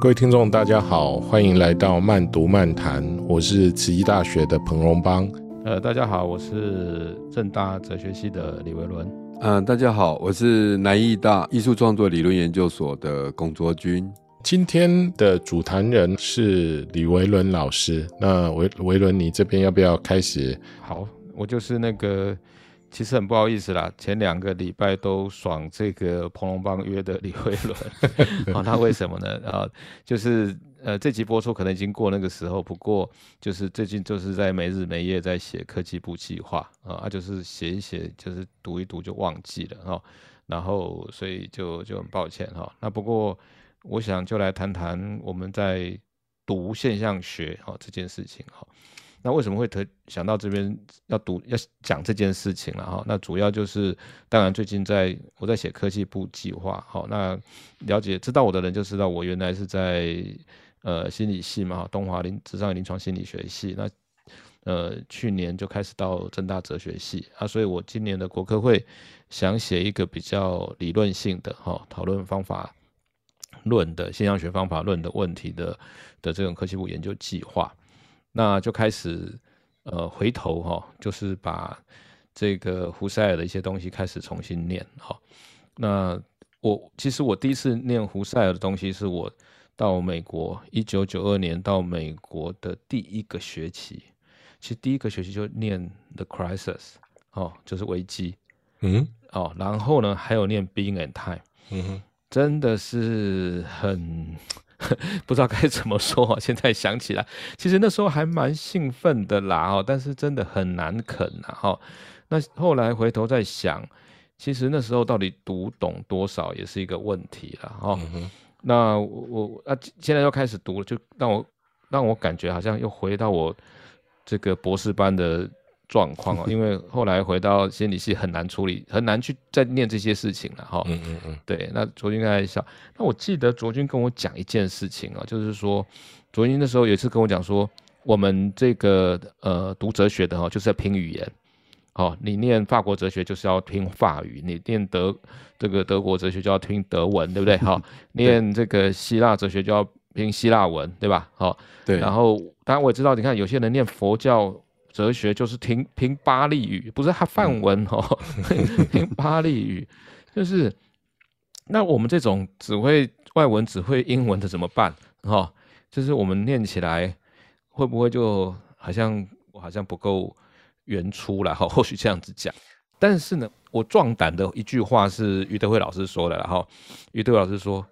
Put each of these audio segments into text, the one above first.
各位聽眾，大家好，歡迎來到慢讀漫談，我是慈濟大學的彭榮邦。呃，大家好，我是政大哲學系的李維倫。嗯，大家好，我是南藝大藝術創作理論研究所的龔卓軍。今天的主談人是李維倫老師。那維維倫，你這邊要不要開始？好，我就是那個，其實很不好意思啦，前兩個禮拜都爽這個彭榮邦約的李維倫啊，他為什麼呢？啊、 哦，就是。呃，這集播出可能已經過那個時候，不過就是最近就是在沒日沒夜在寫科技部計劃、哦、啊，就是寫一寫，就是讀一讀就忘記了哈、哦，然後所以就就很抱歉哈、哦。那不過我想就來談談我們在讀現象學啊、哦、這件事情哈、哦。那為什麼會特想到這邊要讀要講這件事情了、啊、哈、哦？那主要就是當然最近在我在寫科技部計劃好、哦，那了解知道我的人就知道我原來是在。呃，心理系嘛，東華臨，諮商臨床心理學系。那，呃，去年就開始到政大哲學系，啊，所以我今年的國科會想寫一個比較理論性的哈，討論方法論的，現象學方法論的問題的的這種科技部研究計劃，那就開始呃，回頭哈、哦，就是把這個胡塞爾的一些東西開始重新念哈、哦。那我其實我第一次念胡塞爾的東西是我。到美國，一九九二年到美國的第一個學期，其實第一個學期就念 The Crisis，哦，就是危機，嗯，哦，然後呢還有念 Being and Time，嗯哼，真的是很 不知道該怎麼說，現在想起來，其實那時候還蠻興奮的啦，哦，但是真的很難啃吶，那後來回頭再想，其實那時候到底讀懂多少也是一個問題了。那我我啊，現在又開始讀了，就讓我讓我感覺好像又回到我這個博士班的狀況哦， 因為後來回到心理系很難處理，很難去再念這些事情了哈、哦。嗯嗯嗯。對，那卓軍在笑。那我記得卓軍跟我講一件事情哦，就是說卓軍那時候有一次跟我講說，我們這個呃讀哲學的哈、哦，就是在拼語言。好、哦，你念法國哲學就是要聽法語，你念德這個德國哲學就要聽德文，對不對？好、哦，念這個希臘哲學就要聽希臘文，對吧？好、哦，對。然後，當然我也知道，你看有些人念佛教哲學就是聽聽巴利語，不是漢梵文、嗯、哦，聽巴利語，就是。那我們這種只會外文、只會英文的怎麼辦？哈、哦，就是我們念起來會不會就好像我好像不夠？原初了哈，或許後續這樣子講。但是呢，我壯膽的一句話是余德慧老師說的。然後，余德慧老師說。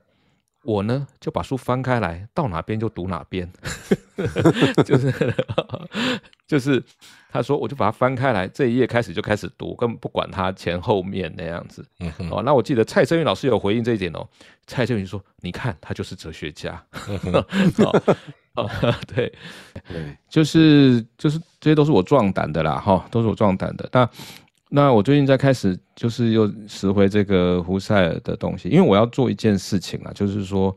我呢，就把書翻開來，到哪邊就讀哪邊， 就是 就是他說，我就把它翻開來，這一頁開始就開始讀，根本不管它前後面那樣子，嗯。哦，那我記得蔡錚雲老師有回應這一點哦，蔡錚雲說：“你看他就是哲學家。 嗯”哦，對對，嗯，就是就是這些都是我壯膽的啦，哈，哦，都是我壯膽的。那。那我最近在開始，就是又拾回這個胡塞爾的東西，因為我要做一件事情啊，就是說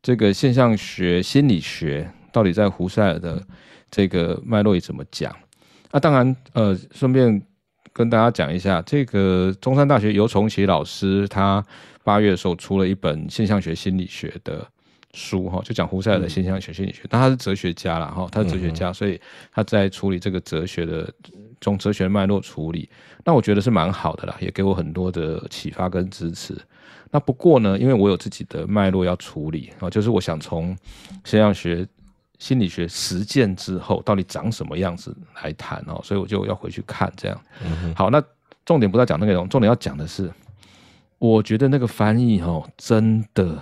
這個現象學心理學到底在胡塞爾的這個脈絡裡怎麼講？那、嗯啊、當然，呃，順便跟大家講一下，這個中山大學游崇禧老師他八月的時候出了一本現象學心理學的書，哈，就講胡塞爾的現象學心理學，但他是哲學家了，哈，他是哲學家、嗯，所以他在處理這個哲學的。從哲學脈絡處理，那我覺得是蠻好的啦，也給我很多的啟發跟支持。那不過呢，因為我有自己的脈絡要處理啊、哦，就是我想從現象學、心理學實踐之後到底長什麼樣子來談哦，所以我就要回去看這樣。嗯、好，那重點不在講那個內容，重點要講的是，我覺得那個翻譯哦，真的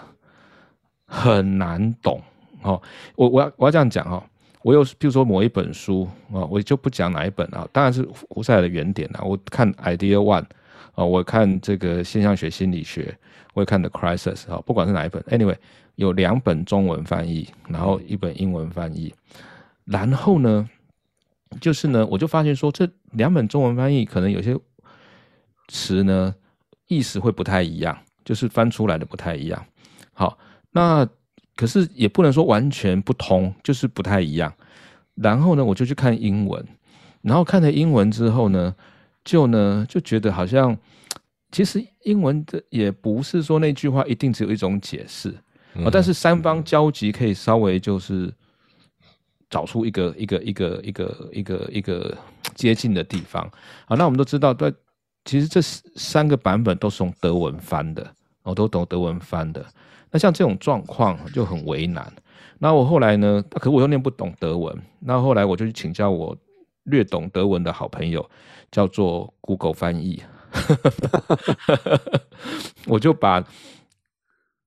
很難懂哦。我我要我要這樣講哦。我有，比如說某一本書啊，我就不講哪一本啊，當然是胡塞爾的原點了啊。我看《idea one》啊，我看這個現象學心理學，我也看《The Crisis》啊，不管是哪一本，Anyway，有兩本中文翻譯，然後一本英文翻譯，然後呢，就是呢，我就發現說這兩本中文翻譯可能有些詞呢意思會不太一樣，就是翻出來的不太一樣。好，那。可是也不能說完全不同，就是不太一樣。然後呢，我就去看英文，然後看了英文之後呢，就呢就覺得好像，其實英文的也不是說那句話一定只有一種解釋。嗯。哦，但是三方交集可以稍微就是找出一個一個一個一個一個一個，一個接近的地方。好，哦，那我們都知道，在其實這三個版本都是用德文翻的，我、哦，都懂德文翻的。那像這種狀況就很為難。那我後來呢、啊？可是我又念不懂德文。那後來我就去請教我略懂德文的好朋友，叫做 Google 翻譯。 我就把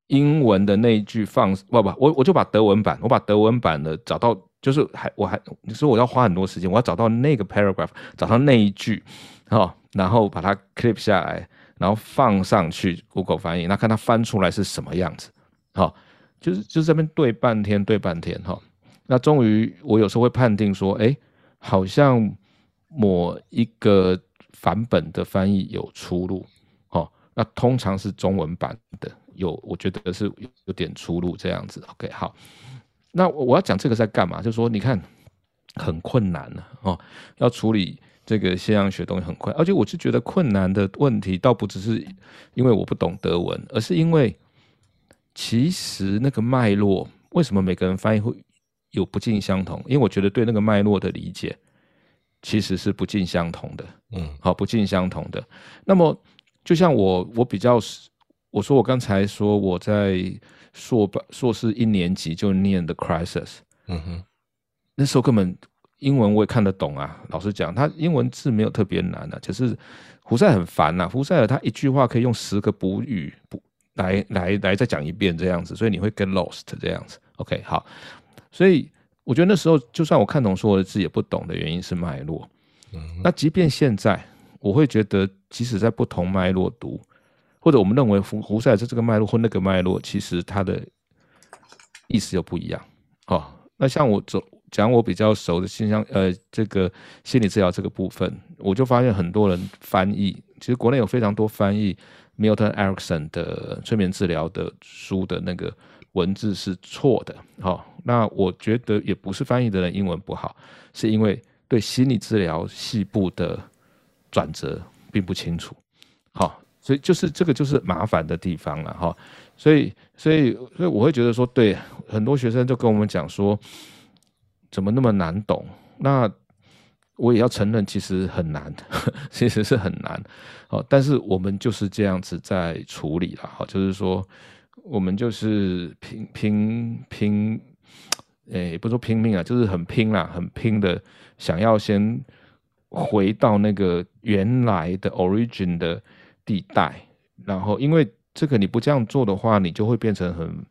英文的那一句放不不，我我就把德文版，我把德文版的找到，就是還我還你說、就是、我要花很多時間，我要找到那個 paragraph，找到那一句、哦、然後把它 clip 下來。然後放上去 Google 翻譯，那看它翻出來是什麼樣子，好、哦，就是就這邊對半天，對半天哈、哦，那終於我有時候會判定說，哎，好像某一個版本的翻譯有出入，哦，那通常是中文版的有，我覺得是有點出入這樣子，OK，好，那我我要講這個在幹嘛？就是、說你看很困難了哦，要處理。這個現象學東西很快，而且我是覺得困難的問題，倒不只是因為我不懂德文，而是因為其實那個脈絡，為什麼每個人翻譯會有不盡相同？因為我覺得對那個脈絡的理解其實是不盡相同的。嗯，好，不盡相同的。那麼就像我，我比較，我說我剛才說我在碩博碩士一年級就念 the crisis，嗯哼，那時候根本。英文我也看得懂啊，老實講，他英文字沒有特別難啊，只是胡塞很煩吶、啊。胡塞爾他一句話可以用十個補語補來來來再講一遍這樣子，所以你會 get lost 這樣子。OK，好，所以我覺得那時候就算我看懂所有的字也不懂的原因是脈絡。嗯、那即便現在，我會覺得即使在不同脈絡讀，或者我們認為胡胡塞爾是這個脈絡或那個脈絡，其實他的意思又不一樣哦。那像我走。講我比較熟的心相，呃，這個心理治療這個部分，我就發現很多人翻譯，其實國內有非常多翻譯 Milton Erickson 的催眠治療的書的那個文字是錯的，哦。那我覺得也不是翻譯的人英文不好，是因為對心理治療細部的轉折並不清楚。好，哦，所以就是這個就是麻煩的地方了。哈，哦，所以，所以，所以我會覺得說，對，很多學生就跟我們講說。怎麼那麼難懂？那我也要承認，其實很難呵呵，其實是很難。好、哦，但是我們就是這樣子在處理啦。好，就是說，我們就是拼拼拼，誒、欸，不說拼命啊，就是很拼啦，很拼的，想要先回到那個原來的 origin 的地帶。然後，因為這個你不這樣做的話，你就會變成很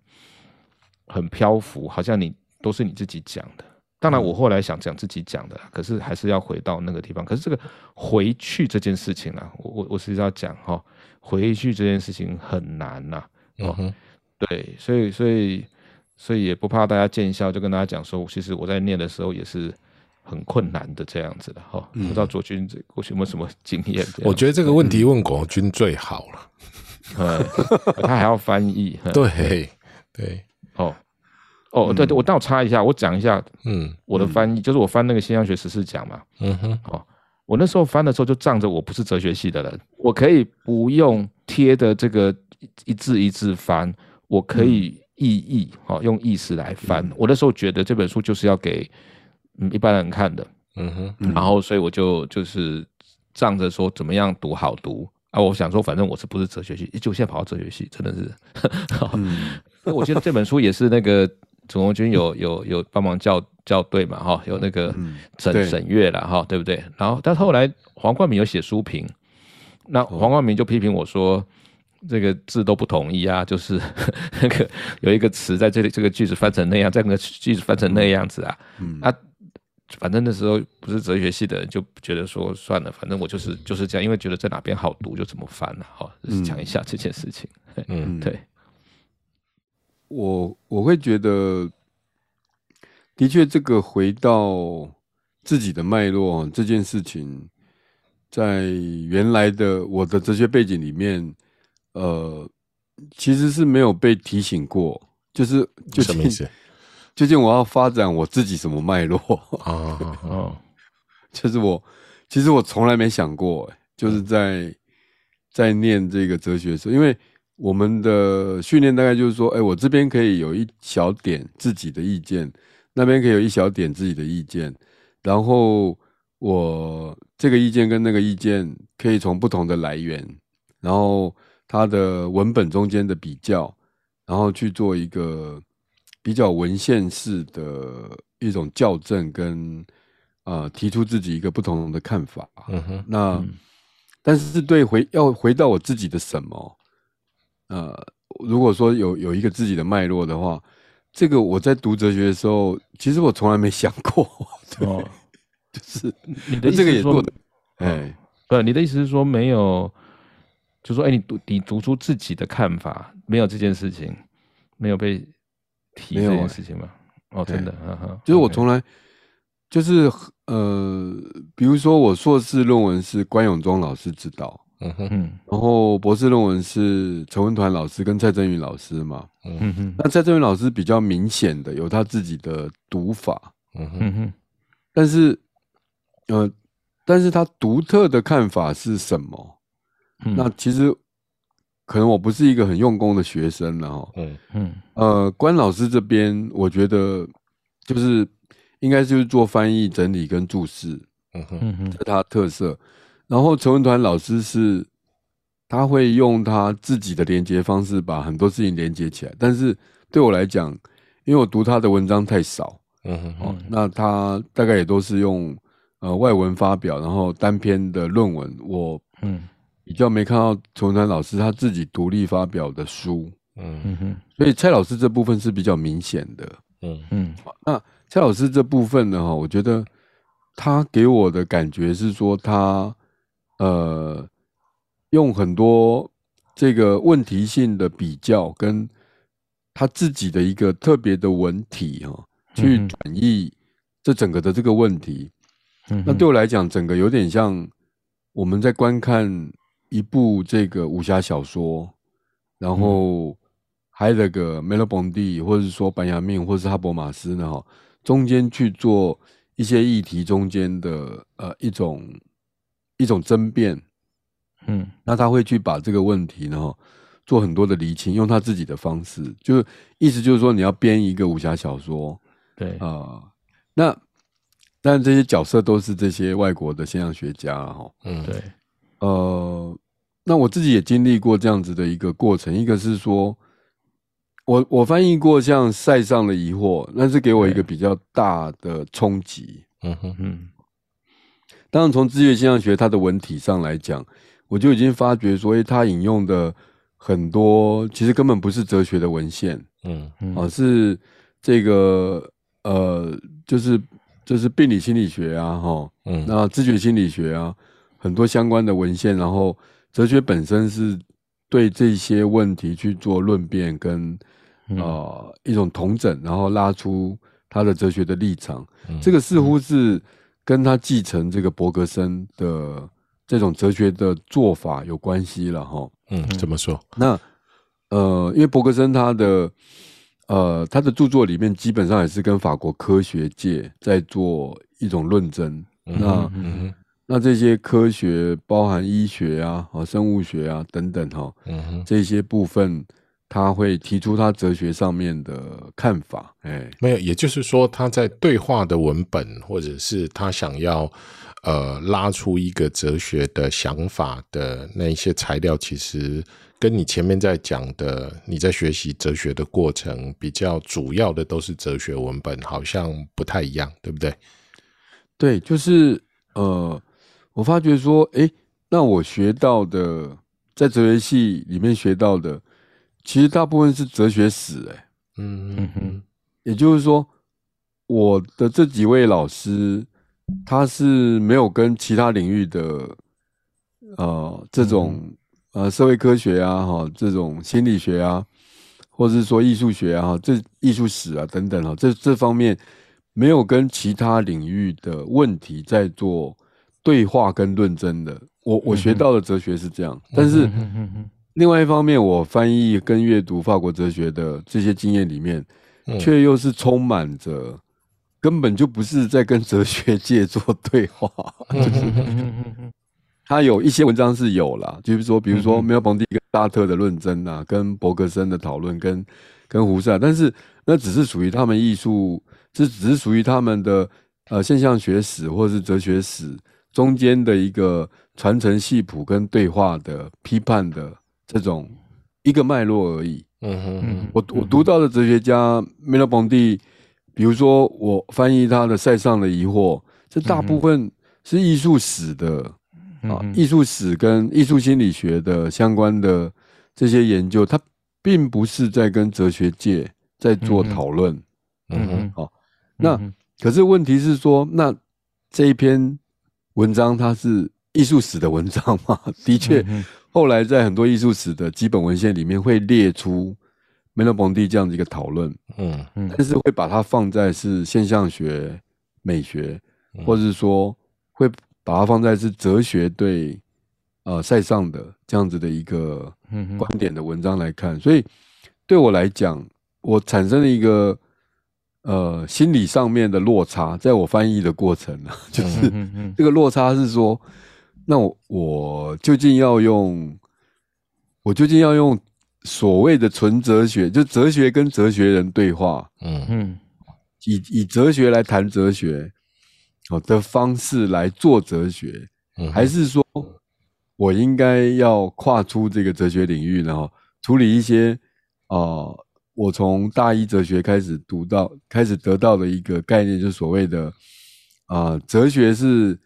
很漂浮，好像你都是你自己講的。當然，我後來想講自己講的，可是還是要回到那個地方。可是這個回去這件事情啊，我我我是要講哈，回去這件事情很難吶、啊，哦、嗯，對，所以所以所以也不怕大家見笑，就跟大家講說，其實我在念的時候也是很困難的這樣子的哈、嗯。不知道卓軍過去有沒有什麼經驗？我覺得這個問題問卓軍最好了、嗯 嗯，他還要翻譯，對、嗯、對，對哦。哦、oh, 嗯，對，對對，我倒插一下，我講一下，嗯，我的翻譯就是我翻那個《現象學十四講》嘛，嗯哼，哦，我那時候翻的時候就仗着我不是哲學系的人，我可以不用貼的這個一字一字翻，我可以意譯，哈、嗯哦，用意思來翻、嗯。我那時候覺得這本書就是要給嗯一般人看的，嗯哼，嗯然後所以我就就是仗着說怎麼樣讀好讀啊，我想說反正我是不是哲學系，就現在跑到哲學系，真的是，那、 嗯、我覺得這本書也是那個。朱紅軍有有有幫忙校校對嘛？哈、哦，有那個審審閱了哈，對不對？然後，但後來黃冠閔有寫書評，那黃冠閔就批評我說，哦、這個字都不統一啊，就是那個有一個詞在這裡、個，這個句子翻成那樣，在、這、那個句子翻成那樣子啊。嗯，啊，反正那時候不是哲學系的人，就覺得說算了，反正我就是就是這樣，因為覺得在哪邊好讀就怎麼翻了、啊。哦，就是講一下這件事情。嗯，嗯對。我我會覺得，的確，這個回到自己的脈絡這件事情，在原來的我的哲學背景裡面，呃，其實是沒有被提醒過。就是究竟，什麼意思？究竟我要發展我自己什麼脈絡啊？Oh, oh, oh. 就是我，其實我從來沒想過，就是在、嗯、在念這個哲學的時候，因為。我們的訓練大概就是說，哎，我這邊可以有一小點自己的意見，那邊可以有一小點自己的意見，然後我這個意見跟那個意見可以從不同的來源，然後它的文本中間的比較，然後去做一個比較文獻式的一種校正跟啊、呃，提出自己一個不同的看法。嗯哼，那、嗯、但是對，回要回到我自己的什麼？呃，如果說有有一個自己的脈絡的話，這個我在讀哲學的時候，其實我從來沒想過，對吧？哦、 就是你的意思是說，哦、哎，不，你的意思是說沒有，就是、說哎，你讀你讀出自己的看法，沒有這件事情，沒有被提這件事情嗎？哦，真的，哈、哎、哈，就是我從來就是呃，比如說我碩士論文是關永忠老師指導。嗯哼哼，然後博士論文是陳文團老師跟蔡振宇老師嘛，嗯哼哼。那蔡振宇老師比較明顯的有他自己的讀法，嗯哼哼。但是，呃，但是他獨特的看法是什麼？嗯、那其實可能我不是一個很用功的學生然後、哦、嗯哼呃，關老師這邊，我覺得就是應該就是做翻譯整理跟註釋，嗯哼哼，這是他特色。然後陳文團老師是，他會用他自己的連接方式把很多事情連接起來。但是對我來講，因為我讀他的文章太少，嗯、哦，那他大概也都是用呃外文發表，然後單篇的論文。我嗯，比較沒看到陳文團老師他自己獨立發表的書，嗯，所以蔡老師這部分是比較明顯的，嗯嗯、哦。那蔡老師這部分呢，哈，我覺得他給我的感覺是說他。呃，用很多這個問題性的比較，跟他自己的一個特別的文體哈、哦嗯，去轉譯這整個的這個問題、嗯。那對我來講，整個有點像我們在觀看一部這個武俠小說，嗯、然後還有個梅洛龐蒂，或者說班雅明，或是哈伯馬斯呢哈、哦，中間去做一些議題中間的呃一種。一種爭辯，嗯，那他會去把這個問題呢，做很多的釐清，用他自己的方式，就意思就是說，你要編一個武俠小說，對，嗯，啊，呃，那但這些角色都是這些外國的現象學家哈，嗯，對，呃，那我自己也經歷過這樣子的一個過程，一個是說，我我翻譯過像塞尚的疑惑，那是給我一個比較大的衝擊，嗯哼哼。當然，從知覺現象學它的文體上來講，我就已經發覺說、欸、它引用的很多其實根本不是哲學的文獻，嗯，啊、嗯呃，是這個呃，就是就是病理心理學啊，吼，嗯，那知覺心理學啊，很多相關的文獻，然後哲學本身是對這些問題去做論辯跟啊、呃嗯、一種統整，然後拉出它的哲學的立場，嗯、這個似乎是。跟他繼承這個柏格森的這種哲學的做法有關係了哈，嗯，怎麼說？那呃，因為柏格森他的呃他的著作裡面基本上也是跟法國科學界在做一種論爭、嗯，那、嗯、那這些科學包含醫學啊、啊生物學啊等等哈、嗯，這些部分。他會提出他哲學上面的看法，哎，沒有，也就是說，他在對話的文本，或者是他想要呃拉出一個哲學的想法的那一些材料，其實跟你前面在講的，你在學習哲學的過程比較主要的都是哲學文本，好像不太一樣，對不對？對，就是呃，我發覺說，誒、欸，那我學到的，在哲學系裡面學到的。其實大部分是哲學史，哎，嗯嗯哼，也就是說，我的這幾位老師，他是沒有跟其他領域的，呃，這種呃社會科學啊，哈，這種心理學啊，或者是說藝術學啊，這藝術史啊等等哈，這這方面沒有跟其他領域的問題在做對話跟論證的。我我學到的哲學是這樣，但是。另外一方面，我翻譯跟閱讀法國哲學的這些經驗裡面，卻又是充滿着根本就不是在跟哲學界做對話。嗯。 就是他有一些文章是有啦，就是說，比如說梅洛龐蒂跟薩特的論爭啊跟柏格森的討論，跟跟胡塞爾，但是那只是屬於他們藝術，這只是屬於他們的呃現象學史或者是哲學史中間的一個傳承系譜跟對話的批判的。這種一個脈絡而已。嗯哼，我我讀到的哲學家梅洛龐蒂，比如說我翻譯他的《塞尚的疑惑》，這大部分是藝術史的啊，藝術史跟藝術心理學的相關的這些研究，它並不是在跟哲學界在做討論。嗯哼，好，那可是問題是說，那這一篇文章它是藝術史的文章嗎？的確。後來在很多藝術史的基本文獻裡面會列出梅洛龐蒂這樣子一個討論，嗯嗯，但是會把它放在是現象學美學，嗯、或者是說會把它放在是哲學對呃塞尚的這樣子的一個觀點的文章來看。嗯嗯、所以對我來講，我產生了一個呃心理上面的落差，在我翻譯的過程呢、啊，就是這個落差是說。嗯嗯嗯那我，我究竟要用？我究竟要用所謂的純哲學，就哲學跟哲學人對話，嗯哼以以哲學來談哲學，哦的方式來做哲學，嗯、還是說我應該要跨出這個哲學領域呢？然後處理一些啊、呃，我從大一哲學開始讀到開始得到的一個概念，就是所謂的啊、呃，哲學是。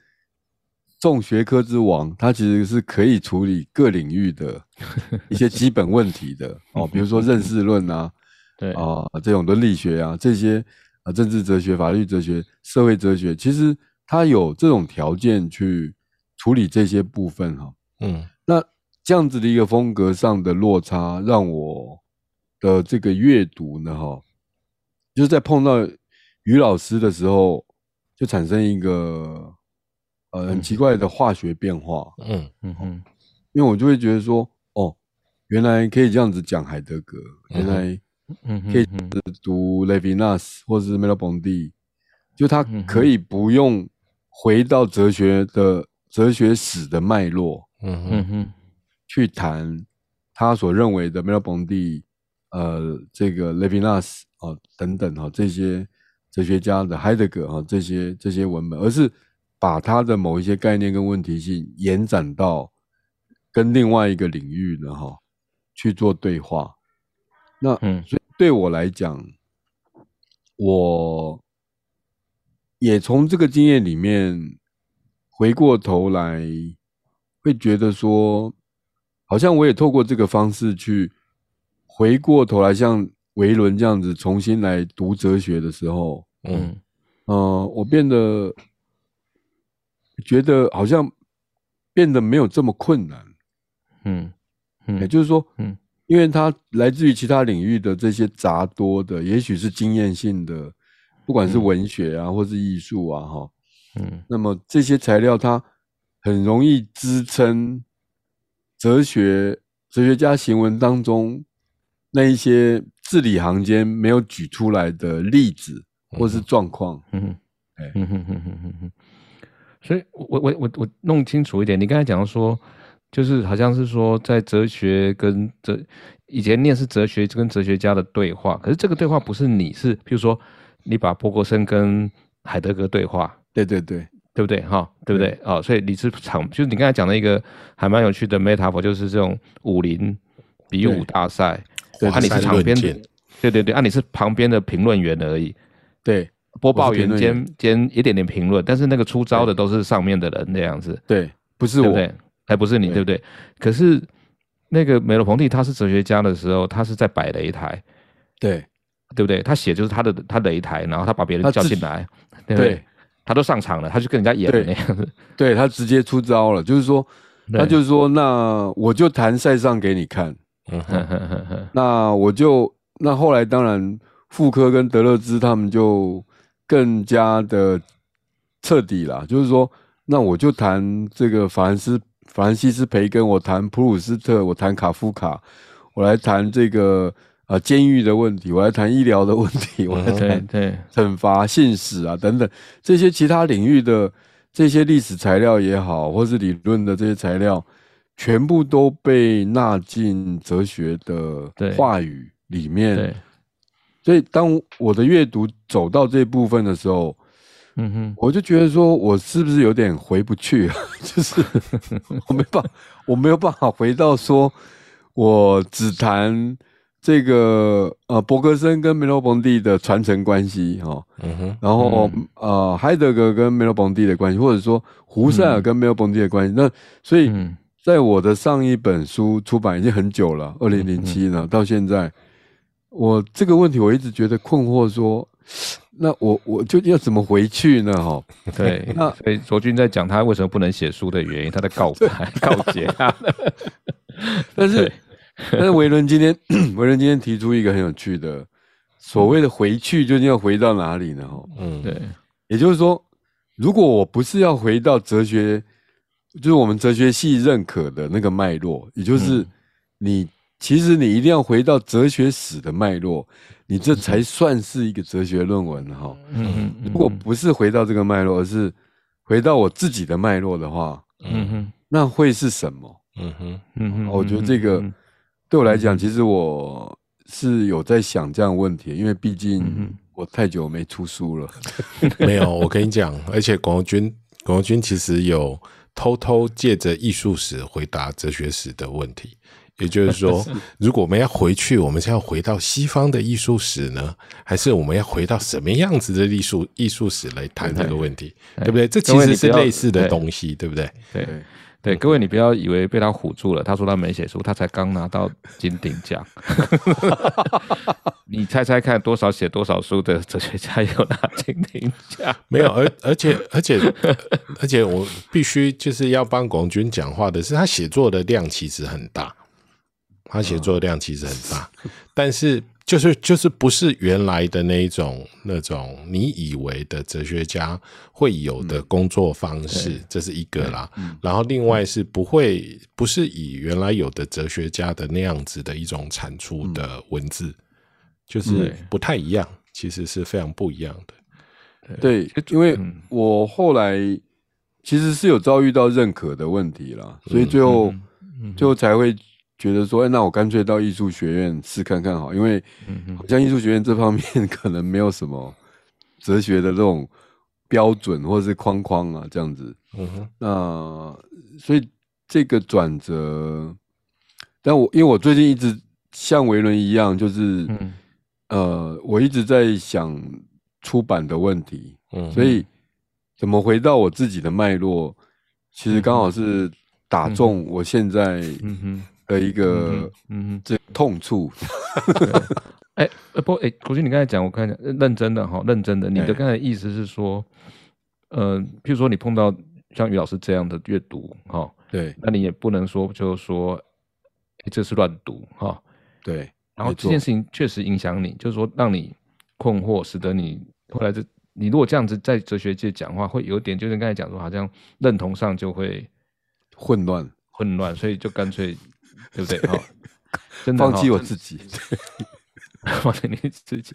眾學科之王，它其實是可以處理各領域的 一些基本問題的哦，比如說認識論啊， 對啊、呃，這種倫理學啊，這些啊，政治哲學、法律哲學、社會哲學，其實它有這種條件去處理這些部分哈、哦。嗯，那這樣子的一個風格上的落差，讓我的這個閱讀呢，哈、哦，就是在碰到余老師的時候，就產生一個。呃、很奇怪的化學變化。嗯嗯哼、嗯，因為我就會覺得說，哦，原來可以這樣子講海德格、嗯，原來可以讀 Levinas 或者是 m e l e a u o n y 就他可以不用回到哲學的哲學史的脈絡，嗯哼哼，去談他所認為的 m e l e a u o n y 呃，這個 Levinas 啊、哦、等等哈、哦、這些哲學家的海德格啊這些這些文本，而是。把他的某一些概念跟問題性延展到跟另外一個領域呢，吼，去做對話。那嗯，所以對我來講，我也從這個經驗裡面回過頭來，會覺得說，好像我也透過這個方式去回過頭來，像維倫這樣子重新來讀哲學的時候，嗯，呃，我變得。覺得好像變得沒有這麼困難，嗯嗯，也就是說，嗯，因為它來自於其他領域的這些雜多的，也許是經驗性的，不管是文學啊，或是藝術啊，哈，嗯，那麼這些材料它很容易支撐哲學哲學家行文當中那一些字裡行間沒有舉出來的例子或是狀況，嗯嗯嗯嗯嗯嗯嗯所以我，我我我我我弄清楚一點，你剛才講到說，就是好像是說在哲學跟哲以前念是哲學跟哲學家的對話，可是這個對話不是你是，是比如說你把柏格森跟海德格對話，對對對，對不對哈？對不對啊、哦？所以你是場，就是你剛才講的一個還蠻有趣的 metaphor，就是這種武林比武大賽，我看、啊、你是場邊，對對對，啊你是旁邊的評論員而已，對。播報員兼兼，兼一點點評論，但是那個出招的都是上面的人那樣子。對，不是我，對，對，哎，不是你對，對不對？可是那個梅洛龐蒂他是哲學家的時候，他是在擺擂台，對，對不對？他寫就是他的他擂台，然後他把別人叫進來對對，對，他都上場了，他就跟人家演那樣子，對，他直接出招了，就是說，他就是說，那我就談賽上給你看， 嗯、那我就那後來當然，傅柯跟德勒茲他們就。更加的徹底了，就是說，那我就談這個法蘭斯、法蘭西斯培根，我談普魯斯特，我談卡夫卡，我來談這個啊、呃、監獄的問題，我來談醫療的問題，我來談對懲罰、信使啊、嗯、等等這些其他領域的這些歷史材料也好，或是理論的這些材料，全部都被納進哲學的話語裡面。所以，當我的閱讀走到這部分的時候，嗯哼，我就覺得說，我是不是有點回不去啊？ 就是我沒辦法， 我沒有辦法回到說，我只談這個呃，柏格森跟梅洛龐蒂的傳承關係，哈、喔，嗯哼，然後呃，海德格跟梅洛龐蒂的關係，或者說胡塞爾跟梅洛龐蒂的關係、嗯。那所以，在我的上一本書出版已經很久了，二零零七呢、嗯，到現在。我這個問題我一直覺得困惑說，說那我我究竟要怎麼回去呢？哈，對，那所以卓軍在講他為什麼不能寫書的原因，他的告白告解 但是但是維倫今天維倫 今天提出一個很有趣的所謂的回去究竟要回到哪裡呢？哈，嗯，對，也就是說，如果我不是要回到哲學，就是我們哲學系認可的那個脈絡，也就是你。嗯其實你一定要回到哲學史的脈絡，你這才算是一個哲學論文哈、嗯。如果不是回到這個脈絡，而是回到我自己的脈絡的話、嗯，那會是什麼？嗯、我覺得這個對我來講、嗯，其實我是有在想這樣的問題，因為畢竟我太久沒出書了、嗯。 沒有，我跟你講，而且卓軍，卓軍其實有偷偷借着藝術史回答哲學史的問題。也就是說，如果我們要回去，我們是要回到西方的藝術史呢，還是我們要回到什麼樣子的藝術藝術史來談這個問題、欸？對不對？這其實是類似的東西，欸、東西對，對不對？對、對，對，各位你不要以為被他唬住了，他說他沒寫書，他才剛拿到金鼎獎。 你猜猜看，多少寫多少書的哲學家有拿金鼎獎？ 沒有，而而且而且而且，而且我必須就是要幫卓軍講話的是，他寫作的量其實很大。他寫作量其實很大，嗯、但是就是就是不是原來的那一種那種你以為的哲學家會有的工作方式，嗯、這是一個啦、嗯。然後另外是不會不是以原來有的哲學家的那樣子的一種產出的文字、嗯，就是不太一樣、嗯，其實是非常不一樣的。對，對，因為我後來其實是有遭遇到認可的問題啦，嗯、所以最後最後、嗯、才會。覺得說，欸、那我乾脆到藝術學院試看看好，因為，好像藝術學院這方面可能沒有什麼哲學的這種標準或者是框框啊，這樣子。嗯，那所以這個轉折，但我因為我最近一直像維倫一樣，就是、嗯，呃，我一直在想出版的問題。嗯，所以怎麼回到我自己的脈絡，其實剛好是打中我現在。嗯的一個嗯，這痛處。哎， 呃、欸，不，哎、欸，卓軍，你剛才講，我看講認真的哈，認真的。真的真的你的剛才意思是說，呃，譬如說你碰到像余老師這樣的閱讀哈，對，那你也不能說就是說、欸、這是亂讀哈，對。然後這件事情確實影響你，就是說讓你困惑，使得你後來這你如果這樣子在哲學界講話，會有點就是剛才講說好像認同上就會混亂混亂，所以就乾脆。 對不對？對、哦、真的？放棄我自己，放、哦、棄 你自己，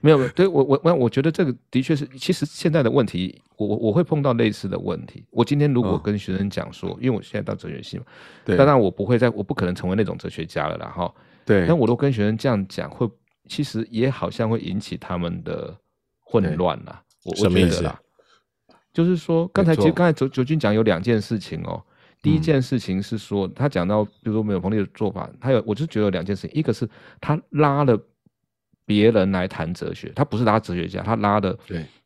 沒有沒有。對，我我我我覺得這個的確是，其實現在的問題，我我我會碰到類似的問題。我今天如果跟學生講說，哦、因為我現在當哲學系嘛，對，當然我不會再，我不可能成為那種哲學家了哈、哦。對，但我都跟學生這樣講，會其實也好像會引起他們的混亂我，我，什麼意思？就是說，剛才其實剛才卓卓軍講有兩件事情哦。第一件事情是說，嗯、他講到，比如說梅洛龐蒂的做法，他有，我就覺得有兩件事情，一個是他拉了別人來談哲學，他不是拉哲學家，他拉的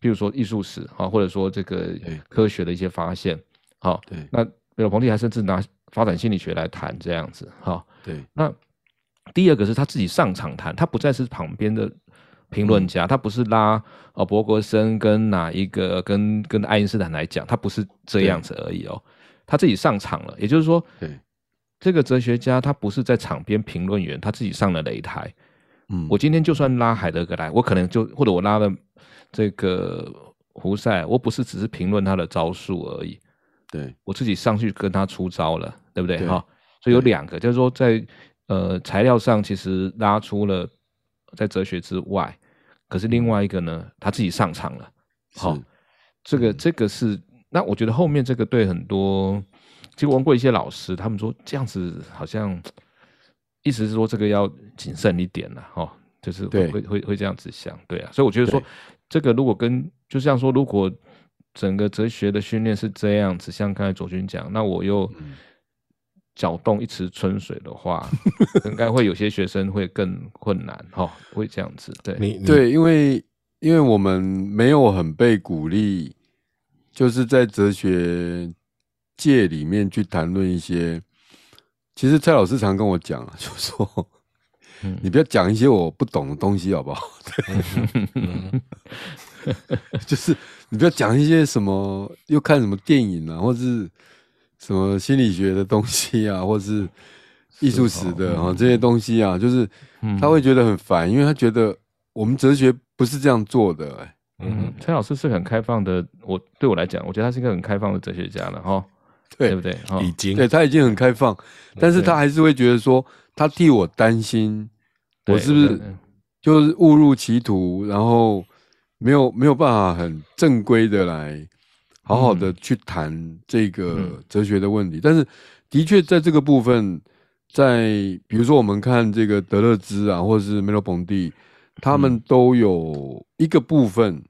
比如說藝術史或者說這個科學的一些發現、哦、那梅洛龐蒂還甚至拿發展心理學來談這樣子哈、哦，那第二個是他自己上場談，他不再是旁邊的評論家、嗯，他不是拉柏格森跟哪一個跟跟愛因斯坦來講，他不是這樣子而已哦。他自己上場了，也就是說，對，這個哲學家，他不是在場邊評論員，他自己上了擂台。嗯，我今天就算拉海德格來，我可能就或者我拉了這個胡塞，我不是只是評論他的招數而已，對，我自己上去跟他出招了，對不對？哈、哦，所以有兩個，就是說在，在呃材料上其實拉出了在哲學之外，可是另外一個呢，他自己上場了，好、哦，這個這個是。那我覺得後面這個對很多，就問過一些老師，他們說這樣子好像，意思是說這個要謹慎一點了、啊，哈、哦，就是會會會這樣子想，對啊，所以我覺得說這個如果跟就像說如果整個哲學的訓練是這樣子，像剛才卓軍講，那我又攪動一池春水的話，應、嗯、該會有些學生會更困難，哈、 哦，會這樣子，對你你對，因為因為我們沒有很被鼓勵。就是在哲學界裡面去談論一些，其實蔡老師常跟我講啊，就是說，你不要講一些我不懂的東西，好不好？嗯。 就是你不要講一些什麼又看什麼電影啊，或者什麼心理學的東西啊，或是藝術史的啊，這些東西啊，就是他會覺得很煩，因為他覺得我們哲學不是這樣做的，欸。嗯，陳老師是很開放的。我對我來講，我覺得他是一個很開放的哲學家了，哈，對不對？已經。對，他已經很開放，但是他還是會覺得說，他替我擔心，我是不是就是誤入歧途，然後沒有沒有辦法很正規的來好好的去談這個哲學的問題。嗯，但是，的確在這個部分，在比如說我們看這個德勒茲啊，或者是梅洛蓬蒂。他們都有一個部分，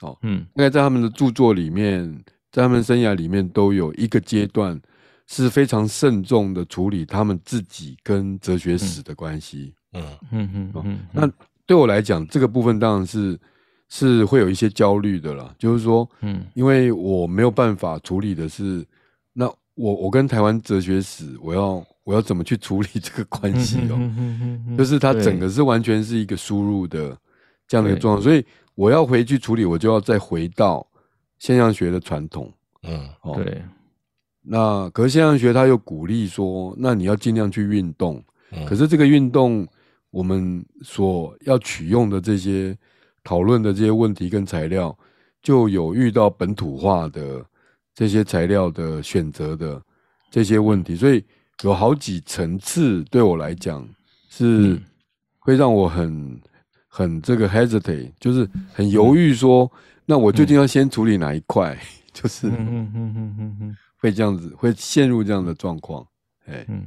哦，嗯，應該在他們的著作裡面，在他們生涯裡面都有一個階段，是非常慎重的處理他們自己跟哲學史的關係。嗯嗯嗯，那對我來講，這個部分當然是是會有一些焦慮的啦。就是說，嗯，因為我沒有辦法處理的是，那我我跟台灣哲學史，我要。我要怎麼去處理這個關係哦？ 就是它整個是完全是一個輸入的這樣的一個狀況，所以我要回去處理，我就要再回到現象學的傳統哦。嗯，對。那可是現象學它又鼓勵說，那你要盡量去運動。可是這個運動，我們所要取用的這些討論的這些問題跟材料，就有遇到本土化的這些材料的選擇的這些問題，所以。有好幾層次，對我來講是會讓我很很這個 hesitate，就是很猶豫說，說、嗯、那我究竟要先處理哪一塊？嗯、 就是會這樣子，會陷入這樣的狀況。哎、嗯，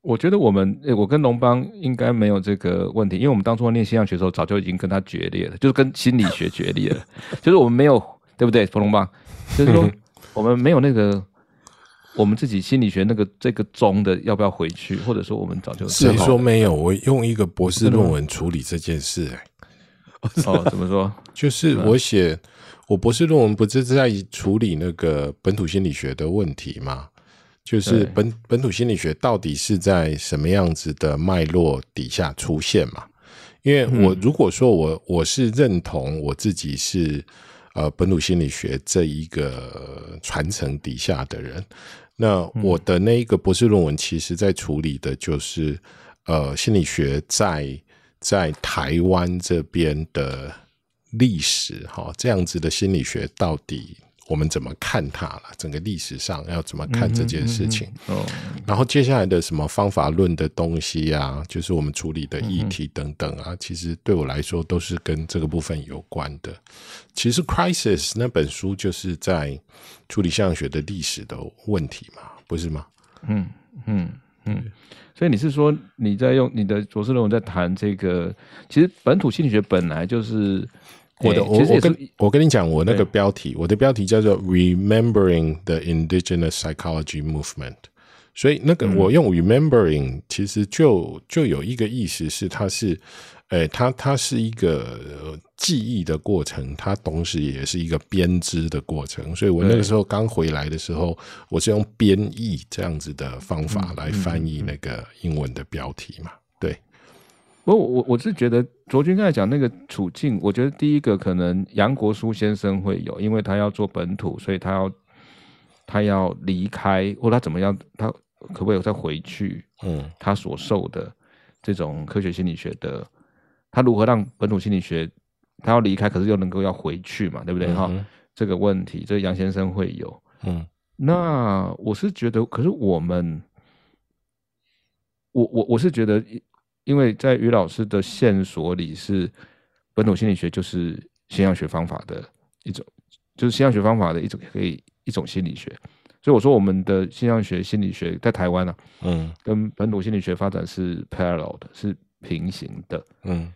我覺得我們，欸、我跟榮邦應該沒有這個問題，因為我們當初念西洋學的時候，早就已經跟他決裂了，就是跟心理學決裂了， 就是我們沒有，對不對，彭榮邦？就是說我們沒有那個。 我們自己心理學那個這個中的要不要回去？或者說我們早就誰說沒有？我用一個博士論文處理這件事。嗯、 哦，怎麼說？就是我寫、嗯、我博士論文不是在處理那個本土心理學的問題嘛？就是本本土心理學到底是在什麼樣子的脈絡底下出現嘛？因為我如果說我、嗯、我是認同我自己是呃本土心理學這一個傳承底下的人。那我的那一個博士論文，其實在處理的就是，嗯、呃，心理學在在台灣這邊的歷史，哈，這樣子的心理學到底。我們怎麼看它整個歷史上要怎麼看這件事情？嗯哼嗯哼 oh。然後接下來的什麼方法論的東西呀、啊？就是我們處理的議題等等啊、嗯，其實對我來說都是跟這個部分有關的。其實《Crisis》那本書就是在處理現象學的歷史的問題嘛，不是嗎？嗯嗯嗯。所以你是說你在用你的博士論文在談這個？其實本土心理學本來就是，我的我、欸、我跟我跟你講，我那個標題，我的標題叫做 Remembering the Indigenous Psychology Movement。所以那個我用 Remembering，其實就就有一個意思是，它是，哎、欸，它它是一個記憶的過程，它同時也是一個編織的過程。所以我那個時候剛回來的時候，我是用編譯這樣子的方法來翻譯那個英文的標題嘛，對。不過我，我我是覺得卓軍剛才講那個處境，我覺得第一個可能楊國樞先生會有，因為他要做本土，所以他要他要離開，或他怎麼樣，他可不可以再回去？嗯，他所受的這種科學心理學的、嗯，他如何讓本土心理學，他要離開，可是又能夠要回去嘛？對不對？哈、嗯，這個問題，這楊先生會有。嗯，那我是覺得，可是我們，我我我是覺得。因為在余老師的線索裡，是本土心理學就是現象學方法的一種，就是現象學方法的一種，可以一種心理學。所以我說，我們的現象學心理學在台灣啊，嗯，跟本土心理學發展是 parallel 的，是平行的。嗯，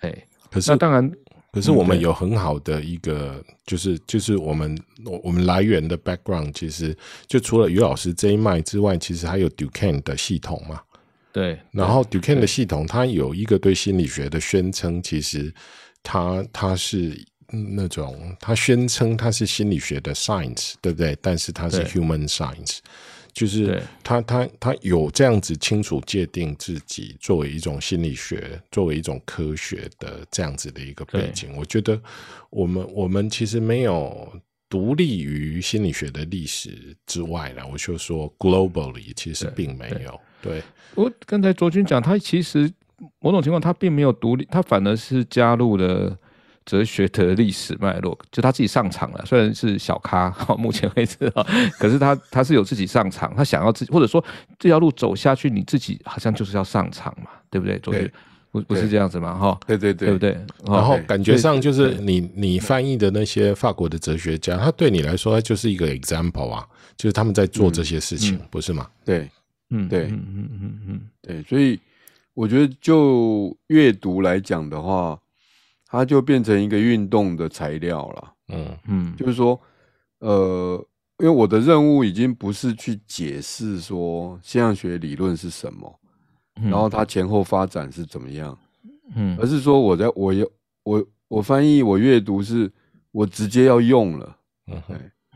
哎，可是那當然，可是我們有很好的一個，就、嗯、是就是我們我們來源的 background，其實就除了余老師這一脈之外，其實還有 Duquesne 的系統嘛。對，對，對，對，然後 Duken 的系統，他有一個對心理學的宣稱，其實他他是那種他宣稱他是心理學的 science，對不對？但是他是 human science，就是他他他有這樣子清楚界定自己作為一種心理學、作為一種科學的這樣子的一個背景。我覺得我們我們其實沒有。獨立於心理學的歷史之外呢，我就說 globally 其實並沒有。對，對,對。我剛才卓軍講，他其實某種情況他並沒有獨立，他反而是加入了哲學的歷史脈絡，就他自己上場了。雖然是小咖哈，目前為止哈， 可是他他是有自己上場，他想要自己或者說這條路走下去，你自己好像就是要上場嘛，對不對？卓軍。不不是這樣子嘛，哈，對對對，對、哦，對，對對？然後感覺上就是你對對對，你翻譯的那些法國的哲學家，對對對對，他對你來說，他就是一個 example 啊，就是他們在做這些事情，嗯、不是嗎？對，嗯對，嗯嗯嗯嗯對，所以我覺得就閱讀來講的話，它就變成一個運動的材料了。嗯嗯，就是說，呃，因為我的任務已經不是去解釋說現象學理論是什麼。然後它前後發展是怎麼樣？嗯，而是說我在我我我翻譯我閱讀是，我直接要用了，嗯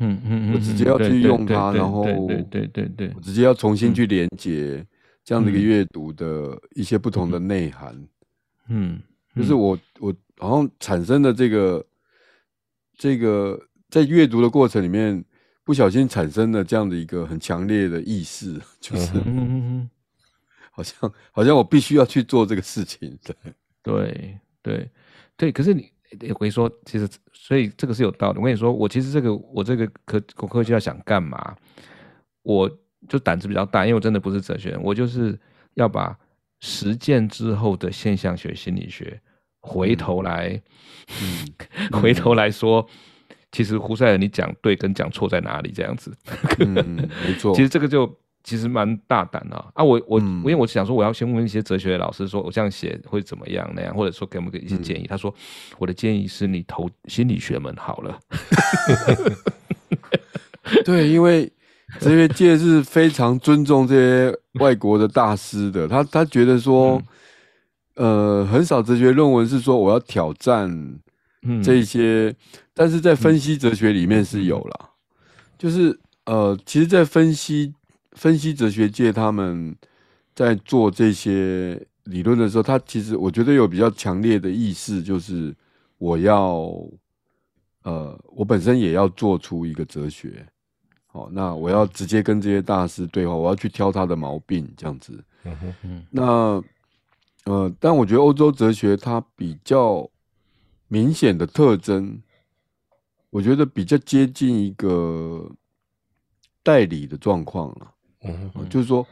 嗯嗯，我直接要去用它，然後對對對對，我直接要重新去連接這樣的一個閱讀的一些不同的內涵，嗯，就是我我然後產生了這個這個在閱讀的過程裡面不小心產生了這樣的一個很強烈的意識，就是。好像好像我必須要去做這個事情，對對對對。可是你你回說，其實所以這個是有道理。我跟你說，我其實這個我這個我科國科學要想幹嘛，我就膽子比較大，因為我真的不是哲學人，我就是要把實踐之後的現象學心理學回頭來，嗯、 回頭來說，嗯嗯、其實胡塞爾你講對跟講錯在哪裡這樣子，嗯、沒錯。 其實這個就。其實蠻大膽的啊！啊，我我因為我想說，我要先問一些哲學老師，說我這樣寫會怎麼樣那樣，或者說給我們給一些建議。他說，我的建議是你投心理學門好了、嗯。 對，因為哲學界是非常尊重這些外國的大師的，他他覺得說，呃，很少哲學論文是說我要挑戰這一些，但是在分析哲學裡面是有了，就是呃，其實，在分析。分析哲學界他們在做這些理論的時候，他其實我覺得有比較強烈的意識，就是我要呃，我本身也要做出一個哲學。好，那我要直接跟這些大師對話，我要去挑他的毛病，這樣子。嗯哼哼。那呃，但我覺得歐洲哲學它比較明顯的特徵，我覺得比較接近一個代理的狀況了。嗯、就是說，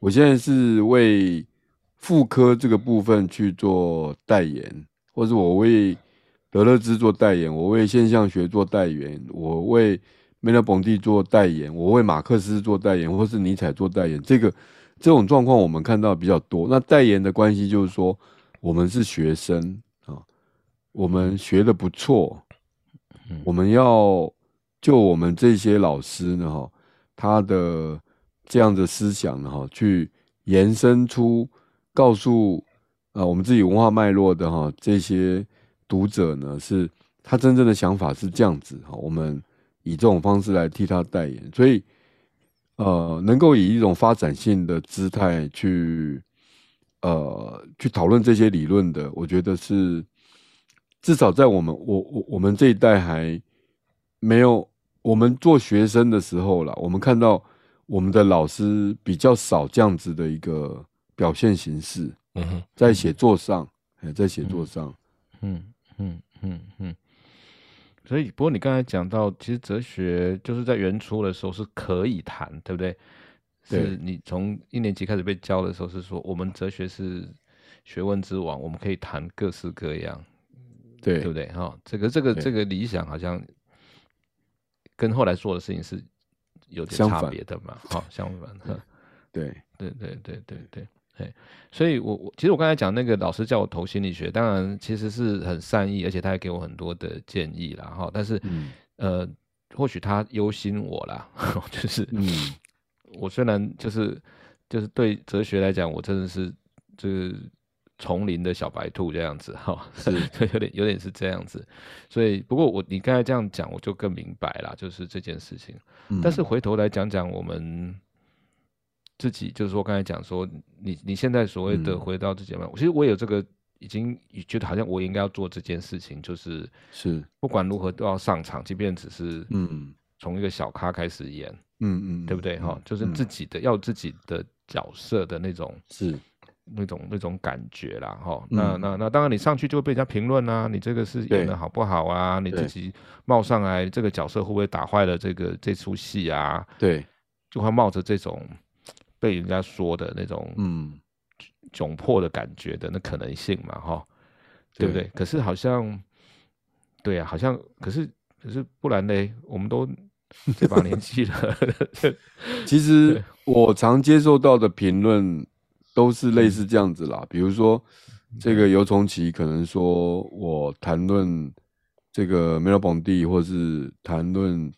我現在是為傅柯這個部分去做代言，或者我為德勒茲做代言，我為現象學做代言，我為梅洛龐蒂做代言，我為馬克思做代言，或是尼采做代言。這個這種狀況我們看到比較多。那代言的關係就是說，我們是學生啊、哦，我們學得不錯，我們要就我們這些老師呢，哈，他的。這樣的思想呢，哈，去延伸出，告訴啊，我們自己文化脈絡的哈，這些讀者呢，是他真正的想法是這樣子哈。我們以這種方式來替他代言，所以，呃，能夠以一種發展性的姿態去，呃，去討論這些理論的，我覺得是至少在我們我我我們這一代還沒有我們做學生的時候啦，我們看到。我們的老師比較少這樣子的一個表現形式，嗯、哼在寫作上、嗯，哎，在寫作上，嗯嗯嗯嗯，所以不過你剛才講到，其實哲學就是在原初的時候是可以談，對不對？是你從一年級開始被教的時候是說，我們哲學是學問之王，我們可以談各式各樣，對對不對？哈、哦，這個這個這個理想好像跟後來做的事情是。有點差別，的嘛？好，相反，哈、哦，對，對,對，對,對,對，對，對，對，哎，所以我，我我其實我剛才講那個老師叫我投心理學，當然其實是很善意，而且他也給我很多的建議啦。哈、哦。但是、嗯，呃，或許他憂心我啦。就是嗯，我雖然就是就是對哲學來講，我真的是就是。叢林的小白兔這樣子哈、喔，是 有點有點是這樣子，所以不過我你剛才這樣講，我就更明白了，就是這件事情。但是回頭來講講我們自己，就是說剛才講說你你現在所謂的回到自己嘛，其實我有這個已經覺得好像我應該要做這件事情，就是是不管如何都要上場，即便只是嗯從一個小咖開始演嗯，嗯嗯,嗯,嗯對不對哈、喔？就是自己的要自己的角色的那種是。那種那種感覺啦，哈，那那那當然，你上去就會被人家評論啊，你這個是演的好不好啊？你自己冒上來，這個角色會不會打壞了這個這齣戲啊？對，就會冒着這種被人家說的那種嗯窘迫的感覺的那可能性嘛，哈，對不對？可是好像，對啊，好像可是可是不然嘞，我們都這把年紀了， 其實我常接受到的評論。都是類似這樣子啦，嗯、比如說，這個尤崇奇可能說，我談論這個梅洛龐蒂，或是談論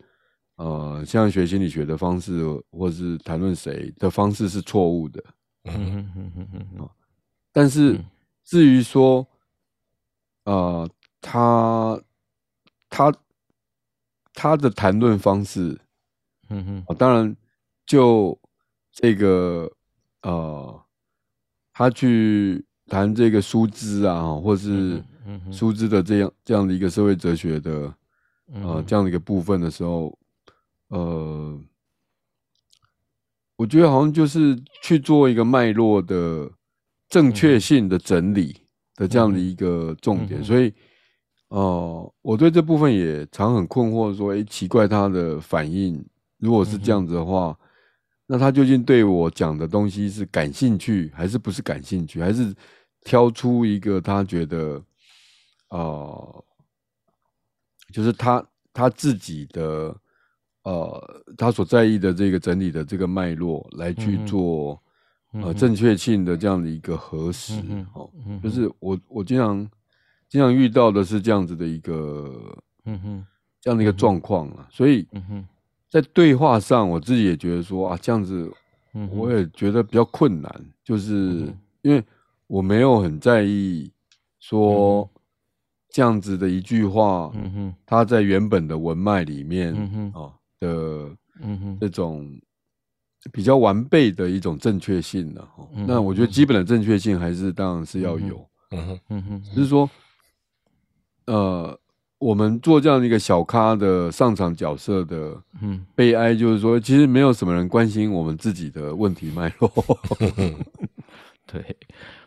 呃，現象學心理學的方式，或是談論誰的方式是錯誤的。嗯嗯嗯嗯嗯。啊、但是至於說，呃他他他的談論方式，嗯、啊、嗯，當然就這個呃。他去談這個舒茲啊，或是舒茲的這樣這樣的一個社會哲學的啊、呃、這樣的一個部分的時候，呃，我覺得好像就是去做一個脈絡的正確性的整理的這樣的一個重點，所以，哦、呃，我對這部分也常很困惑，說，哎、欸，奇怪，他的反應，如果是這樣子的話，那他究竟對我講的東西是感興趣，還是不是感興趣？還是挑出一個他覺得啊、呃，就是他他自己的呃，他所在意的這個整理的這個脈絡來去做、嗯、呃正確性的這樣的一個核實？嗯哦、就是我我經常經常遇到的是這樣子的一個，嗯哼、這樣的一個狀況啊，所以。嗯在對話上，我自己也覺得說啊，這樣子，我也覺得比較困難，就是因為我沒有很在意說這樣子的一句話，它在原本的文脈裡面，啊的，那種比較完備的一種正確性的，啊，那我覺得基本的正確性還是當然是要有，嗯嗯就是說，呃。我們做這樣一個小咖的上場角色的，嗯，悲哀就是說，其實沒有什麼人關心我們自己的問題脈絡、嗯。 對，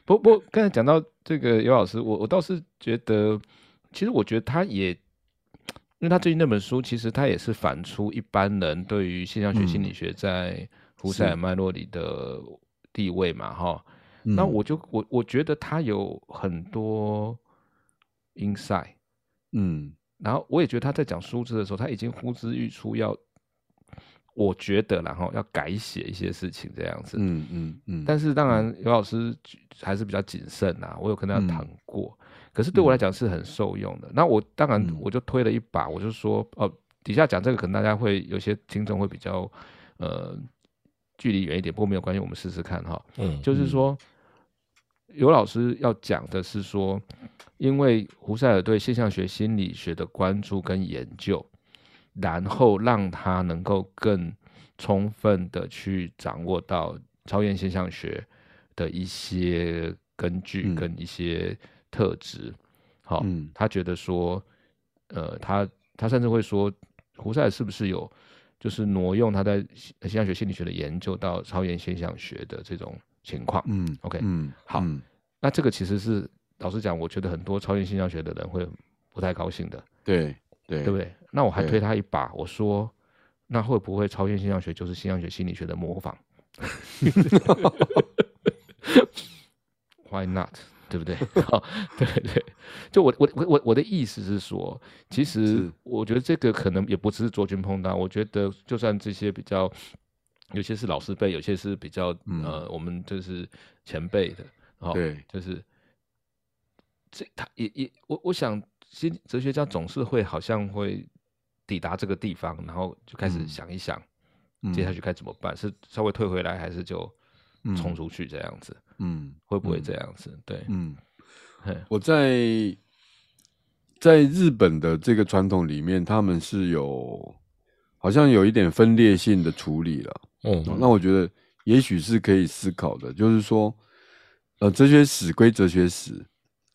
不過不過，剛才講到這個余老師，我我倒是覺得，其實我覺得他也，因為他最近那本書，其實他也是反出一般人對於現象學、嗯、心理學在胡塞爾脈絡裡的地位嘛，哈。那我就我我覺得他有很多 insight。嗯，然後我也覺得他在講數字的時候，他已經呼之欲出要，要我覺得，然後要改寫一些事情這樣子。嗯嗯嗯。但是當然，余老師還是比較謹慎啊。我有可能要談過、嗯，可是對我來講是很受用的、嗯。那我當然我就推了一把，嗯、我就說哦、呃，底下講這個可能大家會有些聽眾會比較呃距離遠一點，不過沒有關係，我們試試看哈。嗯，就是說。余老師要講的是說，因為胡塞爾對現象學心理學的關注跟研究，然後讓他能夠更充分的去掌握到超驗現象學的一些根據跟一些特質、嗯。好，他覺得說，呃，他他甚至會說，胡塞爾是不是有就是挪用他在現象學心理學的研究到超驗現象學的這種情況，嗯，OK，嗯，好嗯，那這個其實是老實講，我覺得很多超越現象學的人會不太高興的，對，對，對不對？那我還推他一把，我說，那會不會超越現象學就是現象學心理學的模仿 no.？Why not？ 對不對？好，對對，就我我我我的意思是說，其實我覺得這個可能也不只是卓軍碰到，我覺得就算這些比較。有些是老師輩，有些是比較呃、嗯，我們就是前輩的，對，哦、就是這他也也我我想，其實哲學家總是會好像會抵達這個地方，然後就開始想一想，嗯、接下去該怎麼辦、嗯，是稍微退回來，還是就衝出去這樣子？嗯，會不會這樣子？對，嗯，我在在日本的這個傳統裡面，他們是有。好像有一點分裂性的處理了，嗯，那我覺得也許是可以思考的，就是說，呃，哲學史歸哲學史，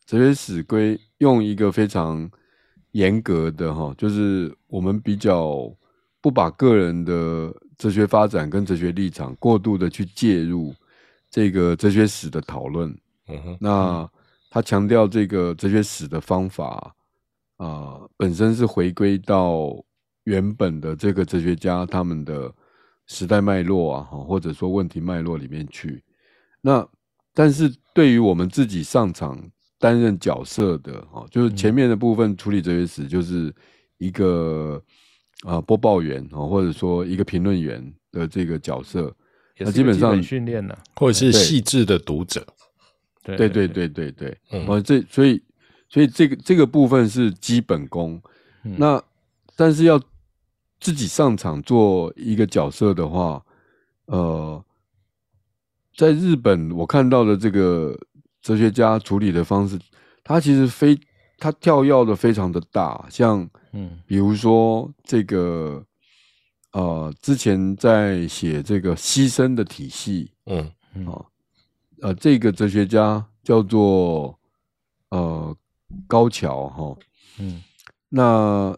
哲學史歸用一個非常嚴格的哈，就是我們比較不把個人的哲學發展跟哲學立場過度的去介入這個哲學史的討論，嗯哼，那他強調這個哲學史的方法啊，呃，本身是回歸到。原本的這個哲學家他們的時代脈絡啊，或者說問題脈絡裡面去。那但是對於我們自己上場擔任角色的，哈、嗯，就是前面的部分處理哲學史，就是一個、嗯、啊播報員，或者說一個評論員的這個角色。那基,、啊、基本上訓練呢，或者是細緻的讀者對。對對對對對，哦、嗯啊，這所以所以這個這個部分是基本功。嗯、那但是要。自己上場做一個角色的話，呃，在日本我看到的這個哲學家處理的方式，他其實非他跳躍的非常的大，像嗯，比如說這個，呃之前在寫這個犧牲的體系，嗯，啊、嗯，呃，這個哲學家叫做呃高橋哈，嗯，那。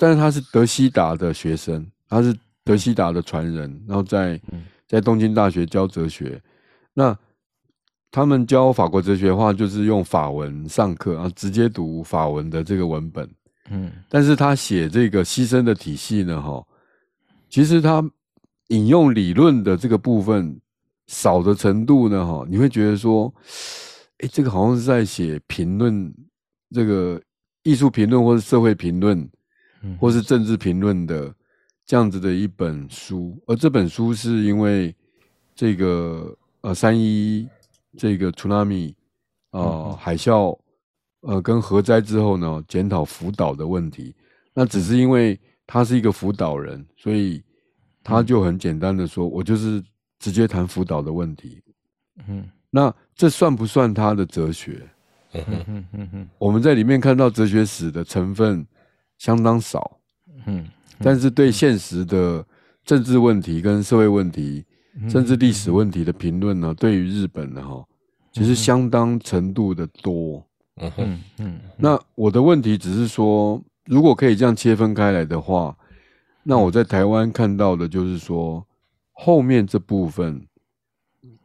但是他是德西達的學生，他是德西達的傳人，然後在在東京大學教哲學。那他們教法國哲學的話，就是用法文上課，然後，啊，直接讀法文的這個文本。嗯，但是他寫這個《犧牲》的體系呢，哈，其實他引用理論的這個部分少的程度呢，哈，你會覺得說，哎、欸，這個好像是在寫評論，這個藝術評論或者社會評論。或是政治評論的這樣子的一本書，而這本書是因為這個呃三一一這個 Tsunami 呃，海嘯，呃跟核災之後呢，檢討福島的問題。那只是因為他是一個福島人，所以他就很簡單的說，我就是直接談福島的問題。嗯，那這算不算他的哲學？哼哼哼我們在裡面看到哲學史的成分。相當少，嗯，但是對現實的政治問題、跟社會問題、甚至歷史問題的評論呢，對於日本呢，哈，其實相當程度的多，嗯嗯，嗯。那我的問題只是說，如果可以這樣切分開來的話，那我在台灣看到的就是說，後面這部分，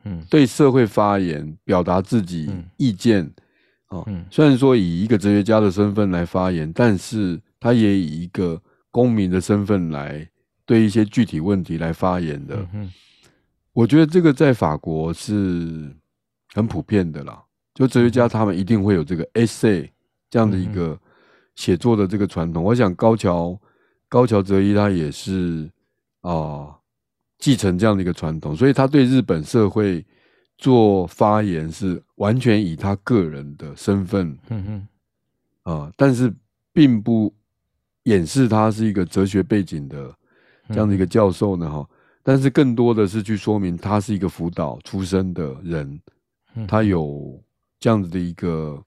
嗯，對社會發言、表達自己意見，啊，雖然說以一個哲學家的身份來發言，但是。他也以一個公民的身份來對一些具體問題來發言的。我覺得這個在法國是很普遍的啦。就哲學家他們一定會有這個 essay 這樣的一個寫作的這個傳統。我想高橋高橋哲哉他也是啊、呃、繼承這樣的一個傳統，所以他對日本社會做發言是完全以他個人的身份。嗯嗯。啊，但是並不。掩飾他是一個哲學背景的這樣的一個教授呢，哈、嗯，但是更多的是去說明他是一個輔導出身的人、嗯，他有這樣子的一個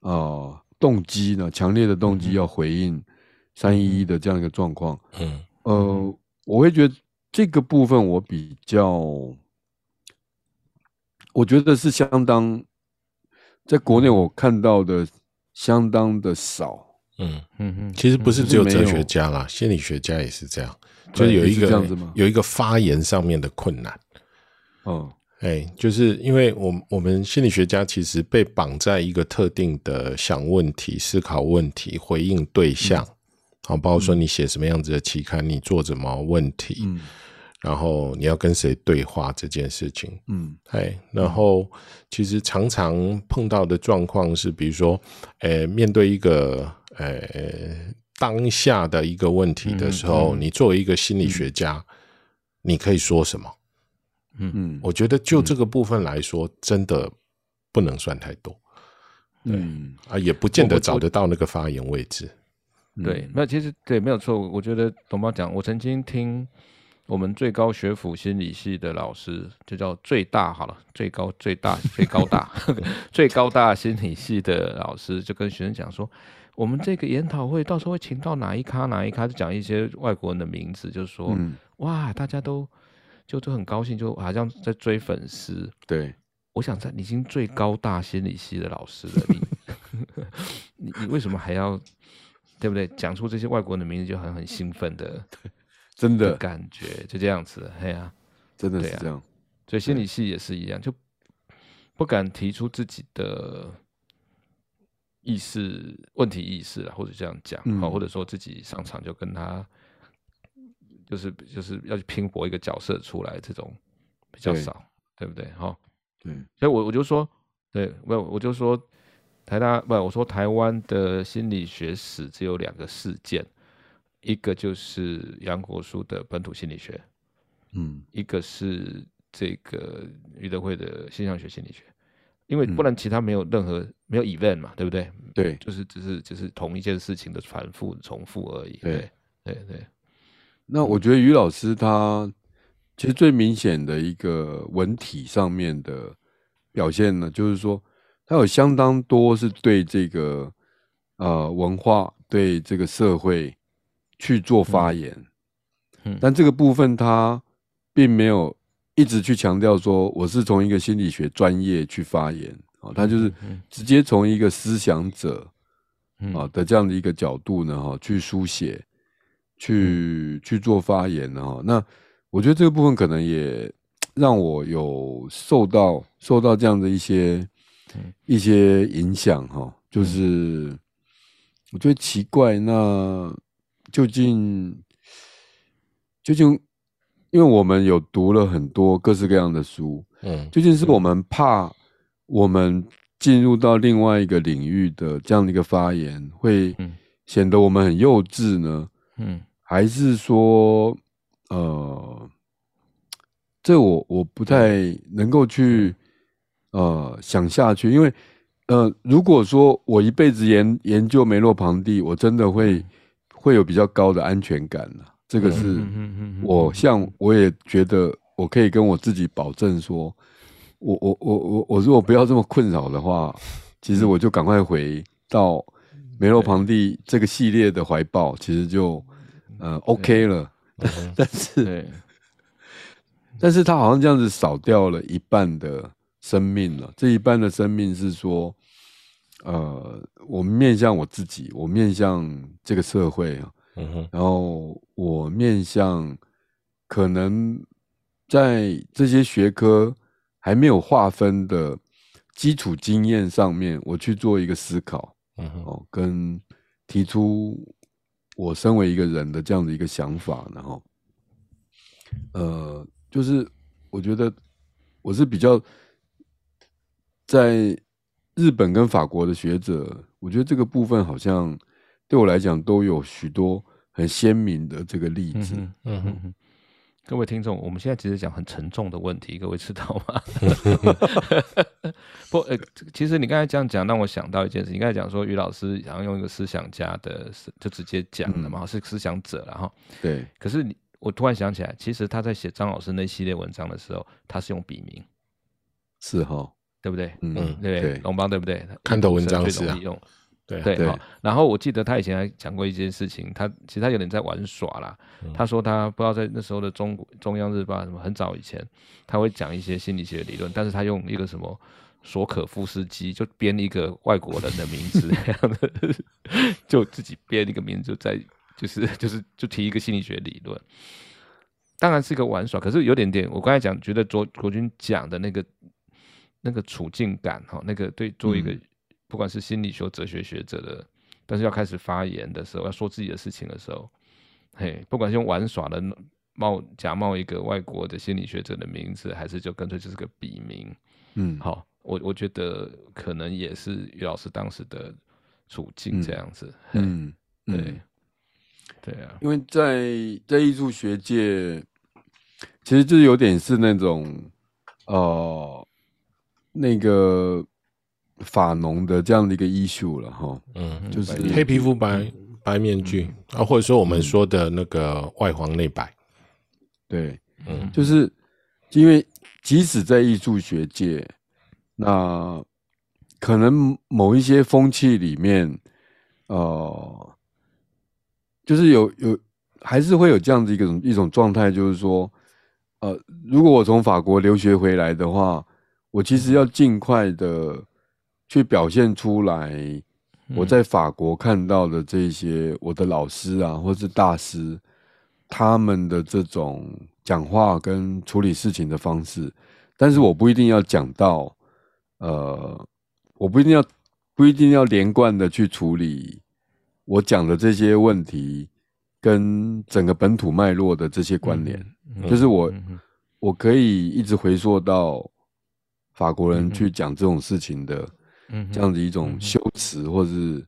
啊、呃、動機呢，強烈的動機要回應三一一的這樣一個狀況，嗯，嗯，呃，我會覺得這個部分我比較，我覺得是相當，在國內我看到的相當的少。嗯嗯嗯，其實不是只有哲學家啦，嗯就是、心理學家也是這樣，就是有一個有一個發言上面的困難。嗯、哦，哎、欸，就是因為我我們心理學家其實被綁在一個特定的想問題、思考問題、回應對象，啊、嗯，包括說你寫什麼樣子的期刊，你做什麼問題。嗯嗯然後你要跟誰對話這件事情，嗯，然後其實常常碰到的狀況是，比如說，呃，面對一個呃當下的一個問題的時候，嗯嗯、你作為一個心理學家、嗯，你可以說什麼？嗯，我覺得就這個部分來說，嗯、真的不能算太多。嗯、對啊，也不見得找得到那個發言位置。對，沒、嗯、有，其實對，沒有錯。我覺得榮邦講，我曾經聽。我們最高學府心理系的老師，就叫最大好了，最高最大最高大， 最高大心理系的老師就跟學生講說，我們這個研討會到時候會請到哪一咖哪一咖，就講一些外國人的名字，就是說、嗯，哇，大家都就都很高興，就好像在追粉絲。對，我想在你已經最高大心理系的老師了，你 你為什麼還要對不對？講出這些外國人的名字就很很興奮的。對。真的，的感覺就這樣子，嘿呀、啊，真的是這樣對、啊。所以心理系也是一樣，就不敢提出自己的意識問題意識啊，或者這樣講，啊、嗯，或者說自己上場就跟他、就是，就是就是要去拼搏一個角色出來，這種比較少，對，對不對？哈，對。所以，我我就說，對，我我就說，台大不，我說台灣的心理學史只有兩個事件。一個就是楊國樞的本土心理學，嗯，一個是這個余德慧的現象學心理學，因為不然其他沒有任何、嗯、沒有 event 嘛，對不對？對，就是只、就是只、就是同一件事情的反覆重複而已。對，對對、對、對。那我覺得余老師他其實最明顯的一個文體上面的表現呢，就是說他有相當多是對這個呃文化對這個社會。去做發言、嗯嗯，但這個部分他並沒有一直去強調說我是從一個心理學專業去發言啊、哦，他就是直接從一個思想者啊、哦、的這樣的一個角度呢哈、哦、去書寫，去、嗯、去做發言哈、哦。那我覺得這個部分可能也讓我有受到受到這樣的一些、嗯、一些影響哈、哦，就是、嗯、我覺得奇怪那，究竟，究竟，因為我們有讀了很多各式各樣的書，嗯，究竟是我們怕我們進入到另外一個領域的這樣的一個發言會顯得我們很幼稚呢？嗯，還是說，呃，這我我不太能夠去呃想下去，因為呃，如果說我一輩子研研究梅洛龐蒂，我真的會。會有比較高的安全感、啊、這個是我，像我也覺得我可以跟我自己保證說，我我我我，我如果不要這麼困擾的話，其實我就趕快回到梅洛龐蒂這個系列的懷抱，其實就嗯、呃、OK 了。但是，但是他好像這樣子少掉了一半的生命了，這一半的生命是說。呃，我面向我自己，我面向這個社會啊，嗯哼，然後我面向可能在這些學科還沒有劃分的基礎經驗上面，我去做一個思考，嗯哼，哦，跟提出我身為一個人的這樣的一個想法，然後，呃，就是我覺得我是比較在。日本跟法國的學者，我覺得這個部分好像對我來講都有許多很鮮明的這個例子。嗯,哼嗯哼各位聽眾，我們現在其實講很沉重的問題，各位知道嗎？ 不、呃，其實你剛才這樣講讓我想到一件事。你剛才講說余老師然後用一個思想家的，就直接講了嘛，嗯、是思想者啦，然後對。可是我突然想起來，其實他在寫張老師那系列文章的時候，他是用筆名，是、哦，號。對不對？嗯，對對，榮邦對不對？看到文章是、啊、最容易用，對、啊、對，對。然後我記得他以前還講過一件事情，他其實他有點在玩耍啦。嗯、他說他不知道在那時候的中中央日報什麼很早以前，他會講一些心理學理論，但是他用一個什麼索可夫斯基，就編一個外國人的名字那樣的， 就自己編一個名字，就在就是就是就提一個心理學理論，當然是一個玩耍，可是有點點我剛才講，覺得卓軍講的那個。那個處境感哈，那個對作為一個，不管是心理學、哲學學者的、嗯，但是要開始發言的時候，要說自己的事情的時候，嘿，不管是玩耍的冒假冒一個外國的心理學者的名字，還是就乾脆就是個筆名，嗯，好，我我覺得可能也是余老師當時的處境這樣子，嗯，嗯對嗯，對啊，因為在在藝術學界，其實就有點是那種，哦、呃。那個法農的這樣的一個 issue 了哈，嗯，就是黑皮膚白白面具、嗯、啊，或者說我們說的那個外黃內白，對，嗯，就是因為即使在藝術學界，那可能某一些風氣裡面，哦、呃，就是有有還是會有這樣子一個一種狀態，就是說，呃，如果我從法國留學回來的話。我其實要盡快的去表現出來，我在法國看到的這些，我的老師啊，嗯、或是大師他們的這種講話跟處理事情的方式，但是我不一定要講到，呃，我不一定要不一定要連貫的去處理我講的這些問題跟整個本土脈絡的這些關聯，嗯，就是我、嗯、我可以一直回溯到。法國人去講這種事情的，這樣子一種修辭，或是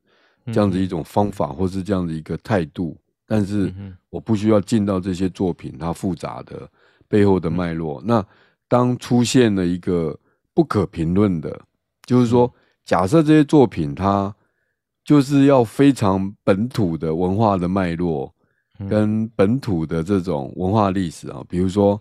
這樣子一種方法，或是這樣子一個態度。但是我不需要進到這些作品它複雜的背後的脈絡。那當出現了一個不可評論的，就是說，假設這些作品它就是要非常本土的文化的脈絡跟本土的這種文化歷史啊，比如說。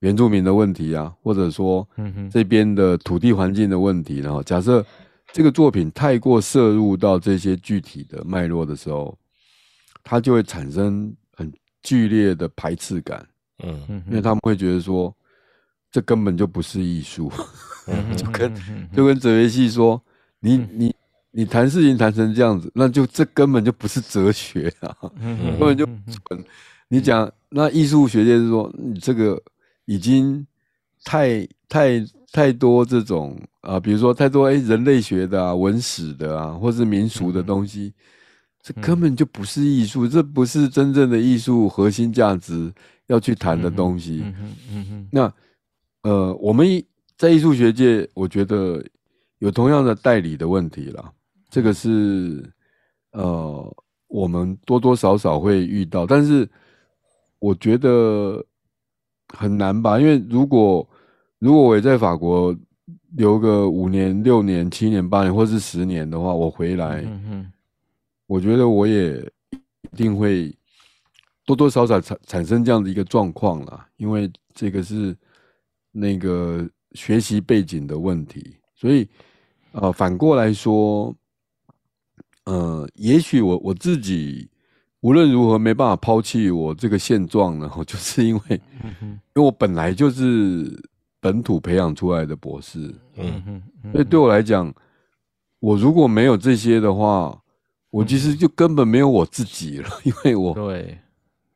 原住民的問題啊，或者說這邊的土地環境的問題，然後假設這個作品太過攝入到這些具體的脈絡的時候，它就會產生很劇烈的排斥感。嗯，因為他們會覺得說，這根本就不是藝術， 就跟就跟哲學系說，你你你談事情談成這樣子，那就這根本就不是哲學啊， 根本就你講那藝術學界是說，你這個。已經太太太多這種啊、呃，比如說太多誒人類學的啊、文史的啊，或是民俗的東西，嗯、這根本就不是藝術、嗯，這不是真正的藝術核心價值要去談的東西。嗯嗯嗯、那呃，我們在藝術學界，我覺得有同樣的代理的問題了。這個是呃，我們多多少少會遇到，但是我覺得。很難吧？因為如果如果我也在法國留個五年、六年、七年、八年，或是十年的話，我回來，嗯哼，我覺得我也一定會多多少少產產生這樣的一個狀況啦，因為這個是那個學習背景的問題，所以呃，反過來說，呃，也許我我自己。無論如何，沒辦法拋棄我這個現狀，然後就是因為，因為我本來就是本土培養出來的博士，嗯、哼嗯哼，所以對我來講，我如果沒有這些的話，我其實就根本沒有我自己了，因為我、嗯、對、對，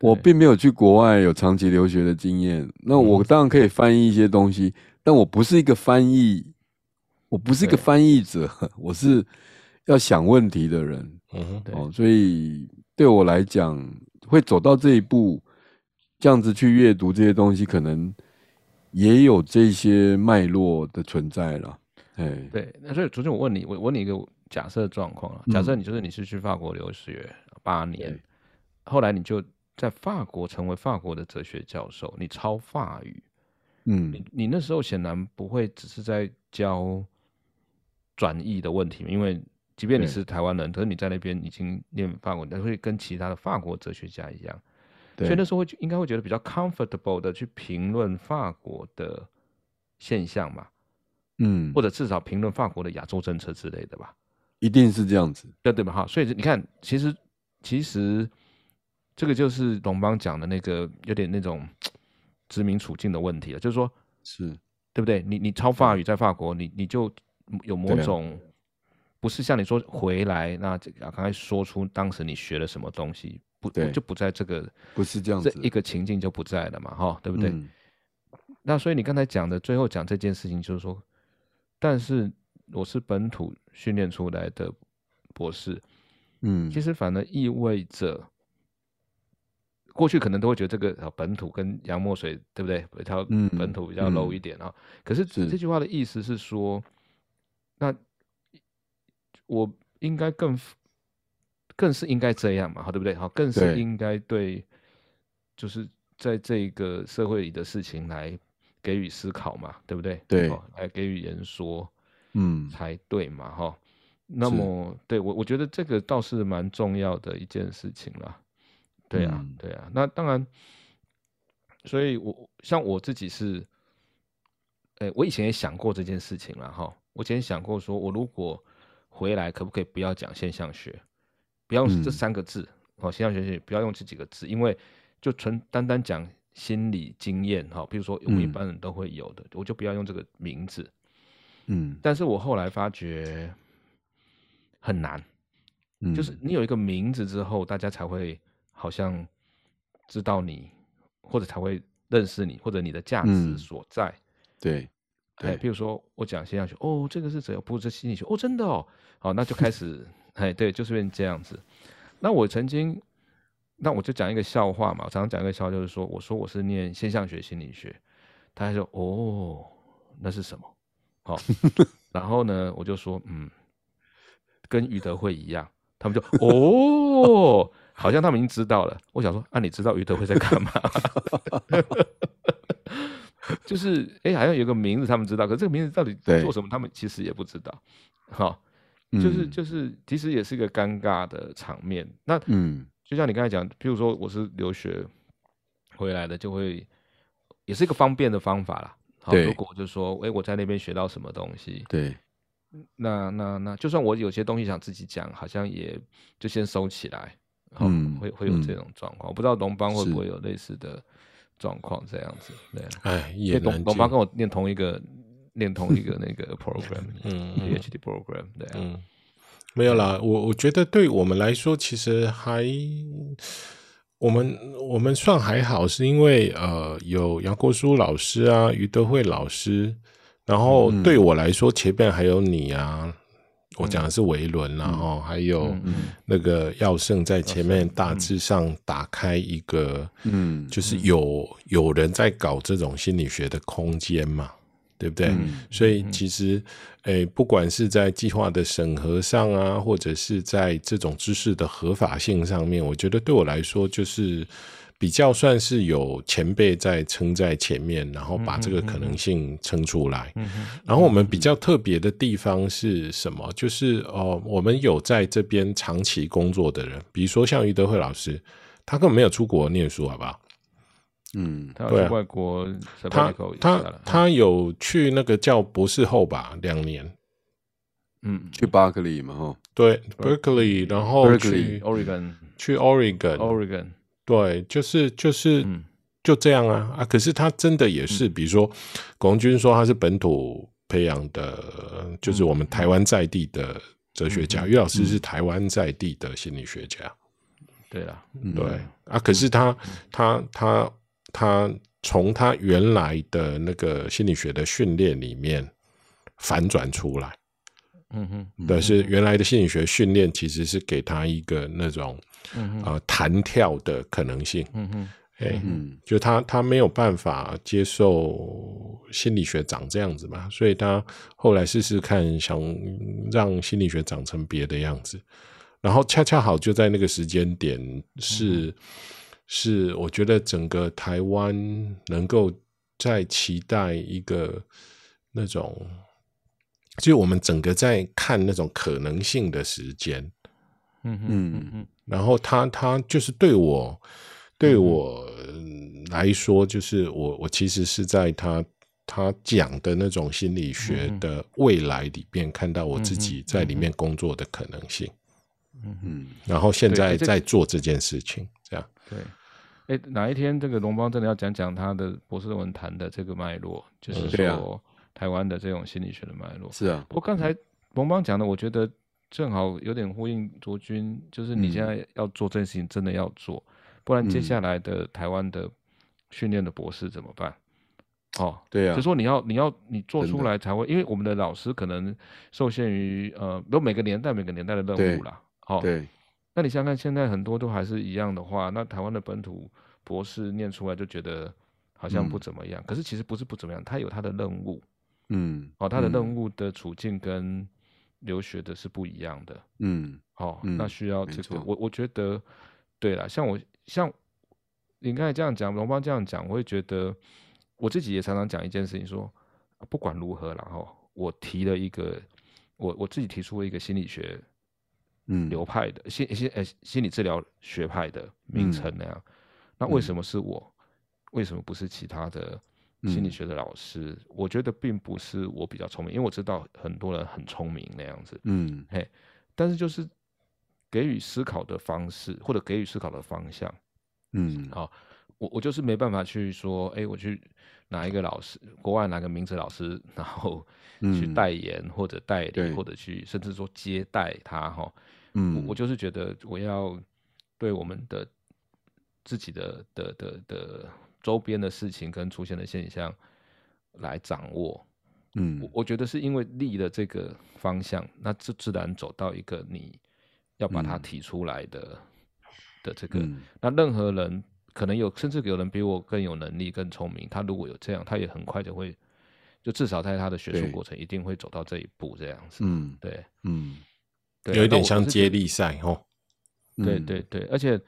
我並沒有去國外有長期留學的經驗，那我當然可以翻譯一些東西，嗯，但我不是一個翻譯，我不是一個翻譯者， 我是要想問題的人，嗯，對，喔、所以。對我來講，會走到這一步，這樣子去閱讀這些東西，可能也有這些脈絡的存在了。對，那所以昨天我問你，我問你一個假設狀況啊，假設你就是你是去法國留學八年，嗯，後來你就在法國成為法國的哲學教授，你抄法語，嗯，你你那時候顯然不會只是在教轉譯的問題，因為。即便你是台灣人，可是你在那邊已經念法文，但會跟其他的法國哲學家一樣，所以那時候會應該會覺得比較 comfortable 的去評論法國的現象嘛，嗯，或者至少評論法國的亞洲政策之類的吧，一定是這樣子對對吧？哈，所以你看，其實其實這個就是榮邦講的那個有點那種殖民處境的問題了，就是說，是對不對？你你超法語在法國，你你就有某種、啊。不是像你說回來，那這剛才說出當時你學了什麼東西，不就不在這個不是這樣子，這一個情境就不在了嘛，哈、哦，對不對、嗯？那所以你剛才講的最後講這件事情，就是說，但是我是本土訓練出來的博士，嗯，其實反而意味着過去可能都會覺得這個本土跟洋墨水，對不對比較、嗯？本土比較 low 一點啊、嗯嗯哦，可是這句話的意思是說，是那。我應該更，更是應該這樣嘛，對不對？更是應該對，就是在這個社會裡的事情來給予思考嘛，對不對？對，來給予言說，嗯，才對嘛，哈、嗯。那麼，對，我我覺得這個倒是蠻重要的一件事情啦，對呀、啊嗯，對呀、啊。那當然，所以我像我自己是，哎，我以前也想過這件事情了哈。我以前想過，說我如果。回來可不可以不要講現象學，不要用這三個字，嗯、哦，現象學是不要用這幾個字，因為就純單單講心理經驗，哈、哦，比如說我們一般人都會有的、嗯，我就不要用這個名字，嗯，但是我後來發覺很難、嗯，就是你有一個名字之後，大家才會好像知道你，或者才會認識你，或者你的價值所在，嗯、對。哎，譬如說我講現象學，哦，這個是怎樣？不是心理學，哦，真的哦，好，那就開始， 哎，對，就是變成這樣子。那我曾經，那我就講一個笑話嘛，我常常講一個笑話，就是說，我說我是念現象學心理學，他還說，哦，那是什麼？好、哦，然後呢，我就說，嗯，跟余德慧一樣，他們就，哦，好像他們已經知道了。我想說，那、啊、你知道余德慧在幹嘛？ 就是哎，好、欸、像有個名字，他們知道，可這個名字到底做什麼，他們其實也不知道，哈、哦，就是、嗯、就是，其實也是一個尷尬的場面。那嗯，就像你剛才講，譬如說我是留學回來的，就會也是一個方便的方法啦。哦、對，如果就說哎、欸，我在那邊學到什麼東西，對，那那那，那，就算我有些東西想自己講，好像也就先收起來，哦、嗯，會會有這種狀況、嗯。我不知道榮邦會不會有類似的。狀況這樣子，對、啊，哎，也懂。我董媽跟我念同一個， 念同一個那個 program， 嗯，PhD、嗯、program，對、啊，嗯，沒有啦，我我覺得對我們來說，其實還，我們我們算還好，是因為呃，有楊國樞老師啊，余德慧老師，然後對我來說，前面還有你啊。嗯嗯我講的是維倫，然後，嗯、還有那個耀盛在前面大致上打開一個，就是有、嗯、有，有人在搞這種心理學的空間嘛，嗯、對不對、嗯？所以其實，欸，不管是在計劃的審核上啊，或者是在這種知識的合法性上面，我覺得對我來說，就是。比較算是有前輩在撐在前面，然後把這個可能性撐出來，嗯嗯嗯。然後我們比較特別的地方是什麼？嗯嗯、就是哦、呃，我們有在這邊長期工作的人，比如說像余德慧老師，他根本沒有出國念書，好不好？嗯，對啊、他在外國，啊、他他他有去那個叫博士後吧，兩年。嗯，去 Berkeley 嘛，哈，對 Berkeley，然後 Berkeley，Oregon，去 Oregon，Oregon。Berkeley, Oregon，去 Oregon, Oregon. 對，就是就是，就這樣啊啊！可是他真的也是，嗯、比如說，龔卓軍說他是本土培養的、嗯，就是我們台灣在地的哲學家。余、嗯、老師是台灣在地的心理學家，嗯、對啊，嗯、對啊。可是他、嗯、他他他從他原來的那個心理學的訓練裡面反轉出來。嗯哼，但、嗯、是原來的心理學訓練其實是給他一個那種，啊、嗯呃、彈跳的可能性。嗯哼，欸、嗯哼，就他他沒有辦法接受心理學長這樣子嘛，所以他後來試試看，想讓心理學長成別的樣子。然後恰恰好就在那個時間點是，嗯、是我覺得整個台灣能夠再期待一個那種。就我們整個在看那種可能性的時間，嗯哼，嗯嗯，然後他他就是對我、嗯、對我來說，就是我我其實是在他他講的那種心理學的未來裡邊、嗯，看到我自己在裡面工作的可能性，嗯哼嗯哼，然後現在在做這件事情，嗯、這樣對，哎、欸，哪一天這個榮邦真的要講講他的博士論文談的這個脈絡、嗯，就是說對、啊。台灣的這種心理學的脈絡是啊，不過剛才榮邦講的，我覺得正好有點呼應卓軍，就是你現在要做這件事情，真的要做，不然接下來的台灣的訓練的博士怎麼辦？嗯、哦，對啊，就說你要你要你做出來才會，因為我們的老師可能受限於呃，比如每個年代每個年代的任務啦。哦，對，那你想想看，現在很多都還是一樣的話，那台灣的本土博士念出來就覺得好像不怎麼樣，嗯、可是其實不是不怎麼樣，他有他的任務。嗯,嗯，哦，他的任務的處境跟留學的是不一樣的。嗯，哦，嗯、那需要這個。我我覺得對啦，像我像你剛才這樣講，榮邦這樣講，我會覺得我自己也常常講一件事情說，說不管如何然後、哦、我提了一個，我我自己提出了一個心理學流派的，嗯、心心心理治療學派的名稱那樣、嗯，那為什麼是我、嗯？為什麼不是其他的？心理學的老師、嗯，我覺得並不是我比較聰明，因為我知道很多人很聰明那樣子。嗯，嘿，但是就是給予思考的方式，或者給予思考的方向。嗯，好、哦，我我就是沒辦法去說，哎，我去哪一個老師，國外哪個名字老師，然後去代言或者代理、嗯、或者去，甚至說接待他哈、哦。嗯，我我就是覺得我要對我們的自己的的的的。的的周邊的事情跟出現的現象來掌握，嗯，我我覺得是因為立的這個方向，那自自然走到一個你要把它提出來的、嗯、的這個，那任何人可能有，甚至有人比我更有能力、更聰明，他如果有這樣，他也很快就會，就至少在他的學術過程一定會走到這一步，這樣子，嗯，對，嗯，對，有一點像接力賽哦、嗯，對對對，而且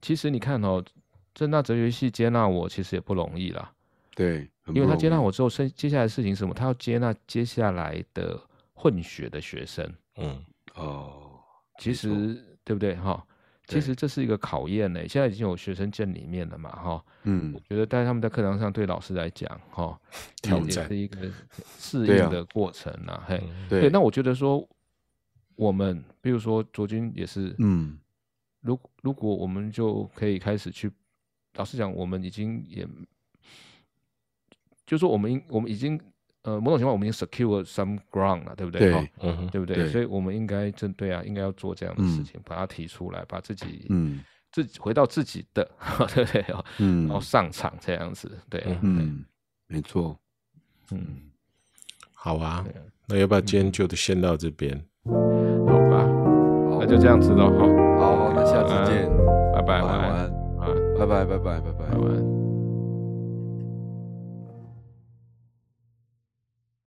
其實你看哦、喔。這那哲學系接納我其實也不容易啦，對，因為他接納我之後，接接下來的事情是什麼？他要接納接下來的混血的學生，嗯，哦、嗯，其實對不對哈？其實這是一個考驗呢、欸。現在已經有學生見裡面了嘛哈？嗯，我覺得但他們在課堂上對老師來講哈，調節是一個適應的過程對啊。嘿對，對，那我覺得說我們，比如說卓君也是，嗯，如果如果我們就可以開始去。老實講，我們已經也，就是說，我們我們已經，們已經呃，某種情況，我們已經 secure some ground 了，對不對？對，哦嗯嗯、對不對，對？所以我們應該針對啊，應該要做這樣的事情，嗯、把它提出來，把，來把自己嗯，自回到自己的， 對不對、哦？嗯，然後上場這樣子，對，、啊嗯對，嗯，沒錯，嗯，好啊，啊，那要不要今天就先到這邊、嗯？好吧，那就這樣子了、嗯。好，好，那、啊、下次見，拜拜，晚安。晚安晚安。拜拜拜拜拜拜。